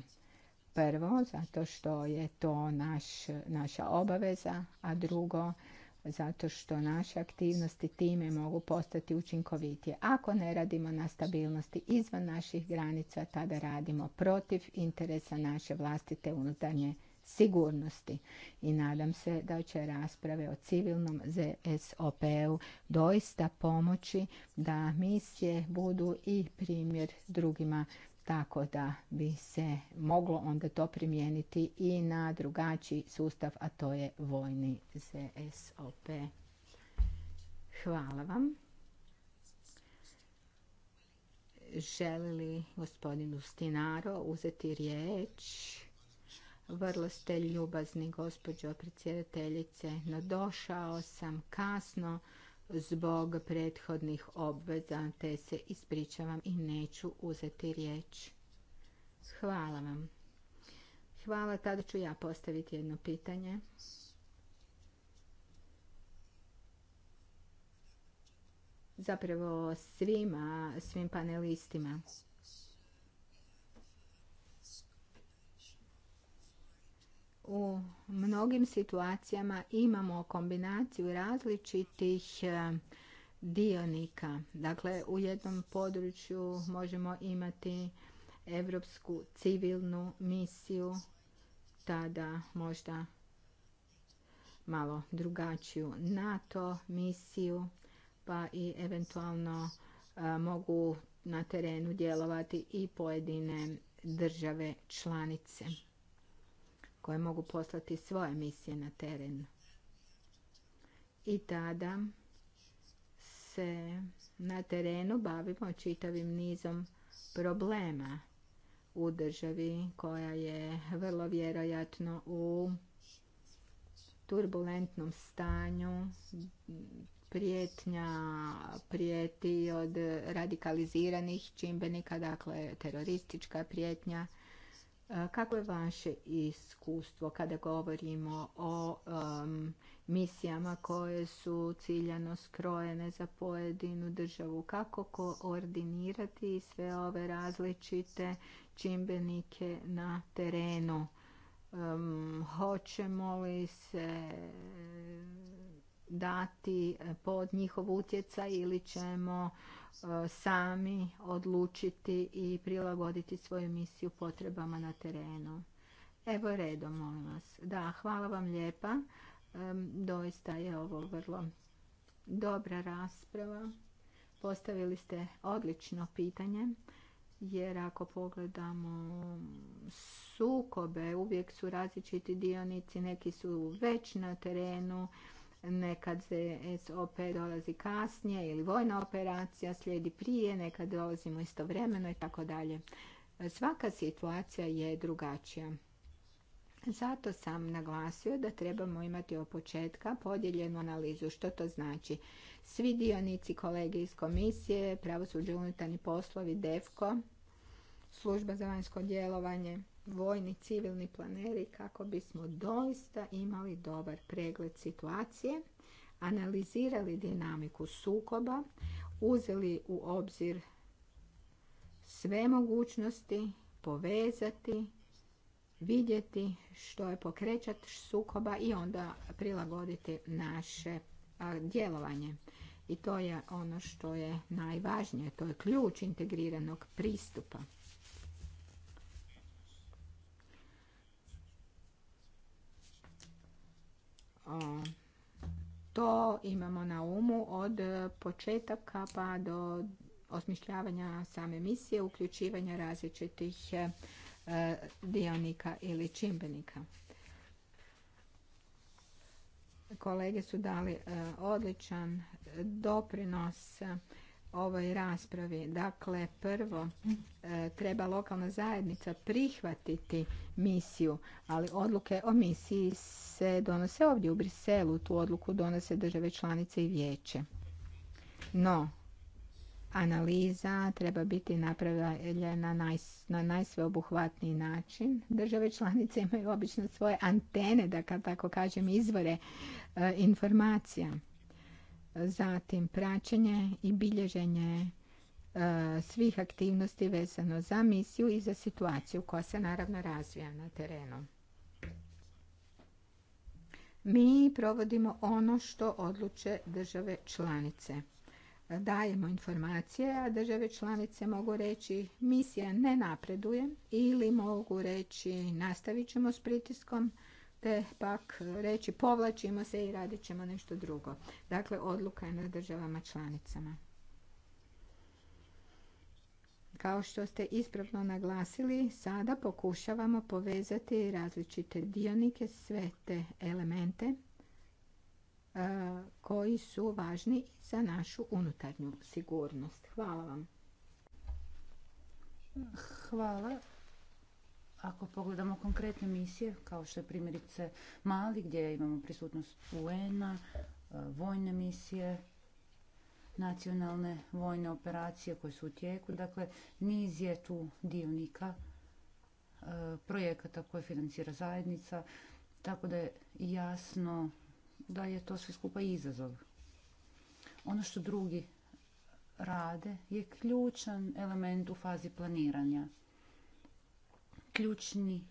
Speaker 2: Prvo, zato što je to naš, naša obaveza, a drugo, zato što naše aktivnosti time mogu postati učinkovitije. Ako ne radimo na stabilnosti izvan naših granica, tada radimo protiv interesa naše vlastite unutarnje sigurnosti. I nadam se da će rasprave o civilnom ZSOP-u doista pomoći da misije budu i primjer drugima tako da bi se moglo onda to primijeniti i na drugačiji sustav, a to je vojni ZSOP. Hvala vam. Želi li gospodin Ustinaro uzeti riječ? Vrlo ste ljubazni, gospođo predsjedateljice, Nadošao sam kasno zbog prethodnih obveza, te se ispričavam i neću uzeti riječ. Hvala vam. Hvala, tada ću ja postaviti jedno pitanje. Zapravo svima, svim panelistima. u mnogim situacijama imamo kombinaciju različitih e, dionika. Dakle, u jednom području možemo imati evropsku civilnu misiju, tada možda malo drugačiju NATO misiju, pa i eventualno e, mogu na terenu djelovati i pojedine države članice koje mogu poslati svoje misije na teren. I tada se na terenu bavimo čitavim nizom problema u državi koja je vrlo vjerojatno u turbulentnom stanju prijetnja prijeti od radikaliziranih čimbenika, dakle teroristička prijetnja E, kako je vaše iskustvo kada govorimo o misijama koje su ciljano skrojene za pojedinu državu? Kako koordinirati sve ove različite čimbenike na terenu? Um, hoćemo li se dati e, pod njihov utjecaj ili ćemo e, sami odlučiti i prilagoditi svoju misiju potrebama na terenu. Evo redom, molim vas. Da, hvala vam lijepa. Doista je ovo vrlo dobra rasprava. Postavili ste odlično pitanje, jer ako pogledamo sukobe, uvijek su različiti dionici, neki su već na terenu, Nekad se SOP dolazi kasnije ili vojna operacija slijedi prije, nekad dolazimo istovremeno i tako dalje. Svaka situacija je drugačija. Zato sam naglasio da trebamo imati od početka podijeljenu analizu. Što to znači? Svi dionici, kolege iz komisije, pravosuđe unutarnji poslovi, DEFKO, služba za vanjsko djelovanje, vojni civilni planeri kako bismo doista imali dobar pregled situacije, analizirali dinamiku sukoba, uzeli u obzir sve mogućnosti, povezati, vidjeti što je pokrećat sukoba i onda prilagoditi naše djelovanje. I to je ono što je najvažnije, to je ključ integriranog pristupa. to imamo na umu od početaka pa do osmišljavanja same misije, uključivanja različitih e, dionika ili čimbenika. Kolege su dali e, odličan doprinos ovoj raspravi. Dakle, prvo e, treba lokalna zajednica prihvatiti misiju, ali odluke o misiji se donose ovdje u Briselu. Tu odluku donose države članice i vijeće. No, analiza treba biti napravljena na najsveobuhvatniji način. Države članice imaju obično svoje antene, da tako kažem, izvore e, informacija zatim praćenje i bilježenje e, svih aktivnosti vezano za misiju i za situaciju koja se naravno razvija na terenu. Mi provodimo ono što odluče države članice. Dajemo informacije, a države članice mogu reći misija ne napreduje ili mogu reći nastavit ćemo s pritiskom te pak reći povlačimo se i radit ćemo nešto drugo. Dakle, odluka je na državama članicama. Kao što ste ispravno naglasili, sada pokušavamo povezati različite dionike, sve te elemente e, koji su važni za našu unutarnju sigurnost.
Speaker 3: Hvala vam. Hvala. Ako pogledamo konkretne misije, kao što je primjerice Mali, gdje imamo prisutnost UN-a, e, vojne misije, nacionalne vojne operacije koje su u tijeku, dakle niz je tu dionika e, projekata koje financira zajednica, tako da je jasno da je to sve skupa izazov. Ono što drugi rade je ključan element u fazi planiranja ključni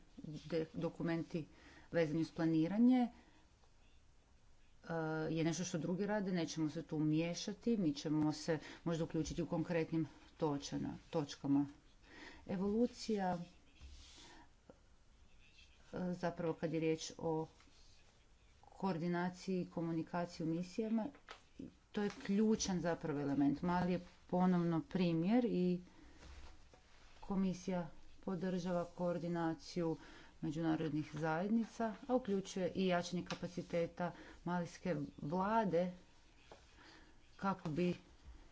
Speaker 3: dokumenti vezani uz planiranje e, je nešto što drugi rade, nećemo se tu miješati, mi ćemo se možda uključiti u konkretnim točkama. Evolucija, e, zapravo kad je riječ o koordinaciji i komunikaciji u misijama, to je ključan zapravo element. Mali je ponovno primjer i komisija podržava koordinaciju međunarodnih zajednica, a uključuje i jačanje kapaciteta malijske vlade kako bi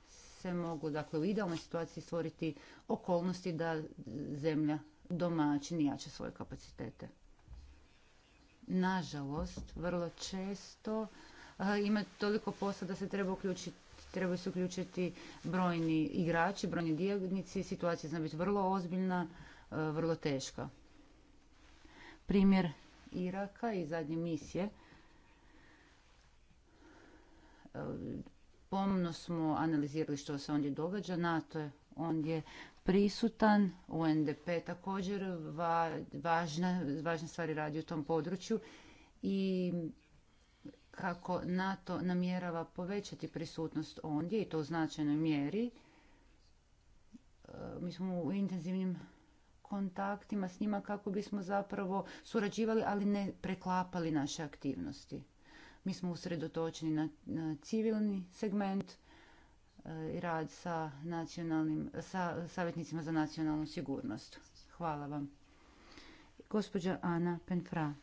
Speaker 3: se mogu dakle, u idealnoj situaciji stvoriti okolnosti da zemlja domaćin jače svoje kapacitete. Nažalost, vrlo često eh, ima toliko posla da se treba uključiti trebaju se uključiti brojni igrači, brojni dijelnici, situacija zna biti vrlo ozbiljna E, vrlo teška. Primjer Iraka i zadnje misije. E, pomno smo analizirali što se ondje događa. NATO je ondje prisutan, UNDP također važna, važne stvari radi u tom području i kako NATO namjerava povećati prisutnost ondje i to u značajnoj mjeri. E, mi smo u intenzivnim kontaktima s njima kako bismo zapravo surađivali, ali ne preklapali naše aktivnosti. Mi smo usredotočeni na, na civilni segment e, i rad sa, nacionalnim, sa savjetnicima za nacionalnu sigurnost. Hvala vam. Gospođa Ana Penfra.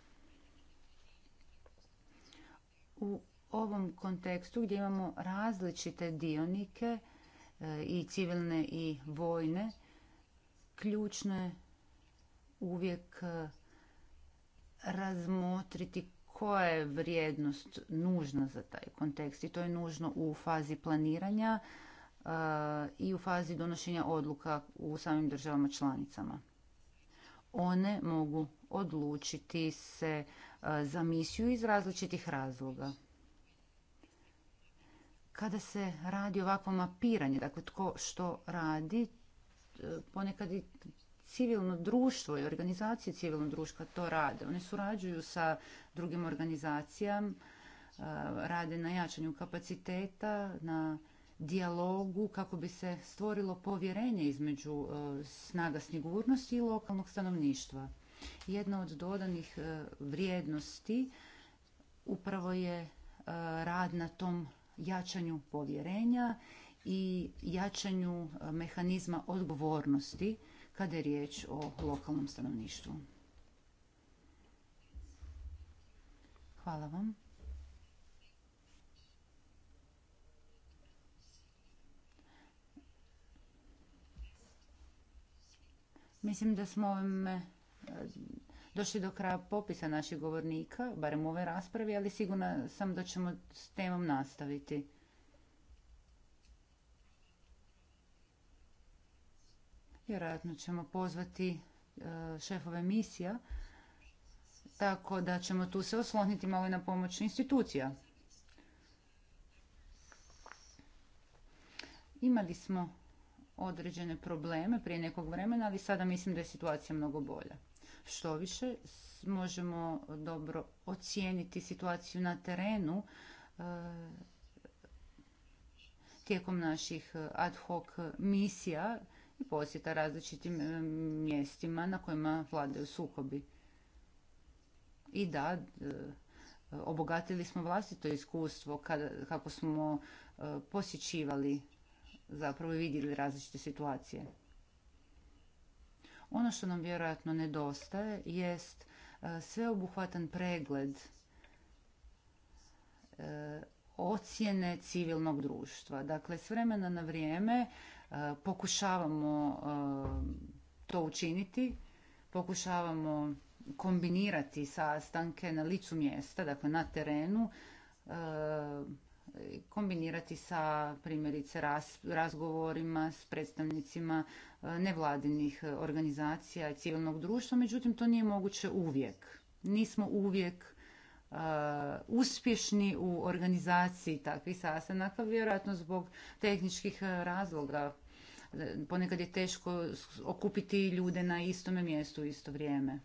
Speaker 3: U ovom kontekstu gdje imamo različite dionike e, i civilne i vojne, ključno je uvijek e, razmotriti koja je vrijednost nužna za taj kontekst i to je nužno u fazi planiranja e, i u fazi donošenja odluka u samim državama članicama. One mogu odlučiti se e, za misiju iz različitih razloga. Kada se radi ovakvo mapiranje, dakle tko što radi, ponekad i civilno društvo i organizacije civilnog društva to rade. One surađuju sa drugim organizacijama, e, rade na jačanju kapaciteta, na dijalogu kako bi se stvorilo povjerenje između e, snaga sigurnosti i lokalnog stanovništva. Jedna od dodanih e, vrijednosti upravo je rad na tom jačanju povjerenja i jačanju e, mehanizma odgovornosti kada je riječ o lokalnom stanovništvu. Hvala vam. Mislim da smo ovim e, došli do kraja popisa naših govornika, barem u ovoj raspravi, ali sigurna sam da ćemo s temom nastaviti. Vjerojatno ćemo pozvati e, šefove misija, tako da ćemo tu se osloniti malo i na pomoć institucija. Imali smo određene probleme prije nekog vremena, ali sada mislim da je situacija mnogo bolja. Što više, možemo dobro ocijeniti situaciju na terenu e, tijekom naših e, ad hoc misija posjeta različitim mjestima na kojima vladaju sukobi. I da, e, obogatili smo vlastito iskustvo kako smo e, posjećivali zapravo i vidjeli različite situacije. Ono što nam vjerojatno nedostaje jest e, sveobuhvatan pregled ocjene civilnog društva. Dakle, s vremena na vrijeme pokušavamo e, to učiniti, pokušavamo kombinirati sastanke na licu mjesta, dakle na terenu, e, kombinirati sa primjerice razgovorima s predstavnicima e, nevladinih organizacija i civilnog društva, međutim to nije moguće uvijek. Nismo uvijek uspješni u organizaciji takvih sastanaka, vjerojatno zbog tehničkih razloga, ponekad je teško okupiti ljude na istome mjestu u isto vrijeme.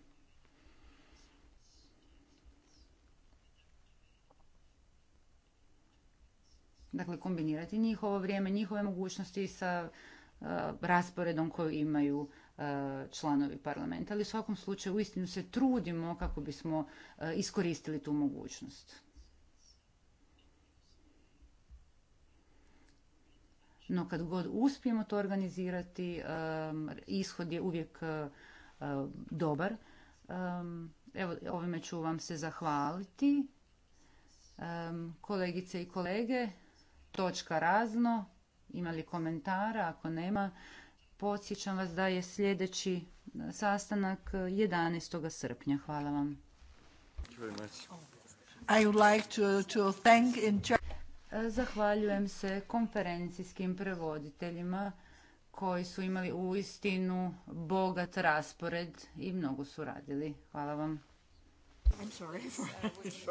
Speaker 3: Dakle, kombinirati njihovo vrijeme, njihove mogućnosti sa e, rasporedom koju imaju e, članovi parlamenta. Ali u svakom slučaju uistinu se trudimo kako bismo e, iskoristili tu mogućnost. No kad god uspijemo to organizirati, ishod je uvijek e, dobar. Evo, ovime ću vam se zahvaliti. Kolegice i kolege, točka razno. Imali komentara? Ako nema, podsjećam vas da je sljedeći e, sastanak 11. srpnja. Hvala vam. I would like to, to thank in Zahvaljujem se konferencijskim prevoditeljima koji su imali uistinu bogat raspored i mnogo su radili. Hvala vam.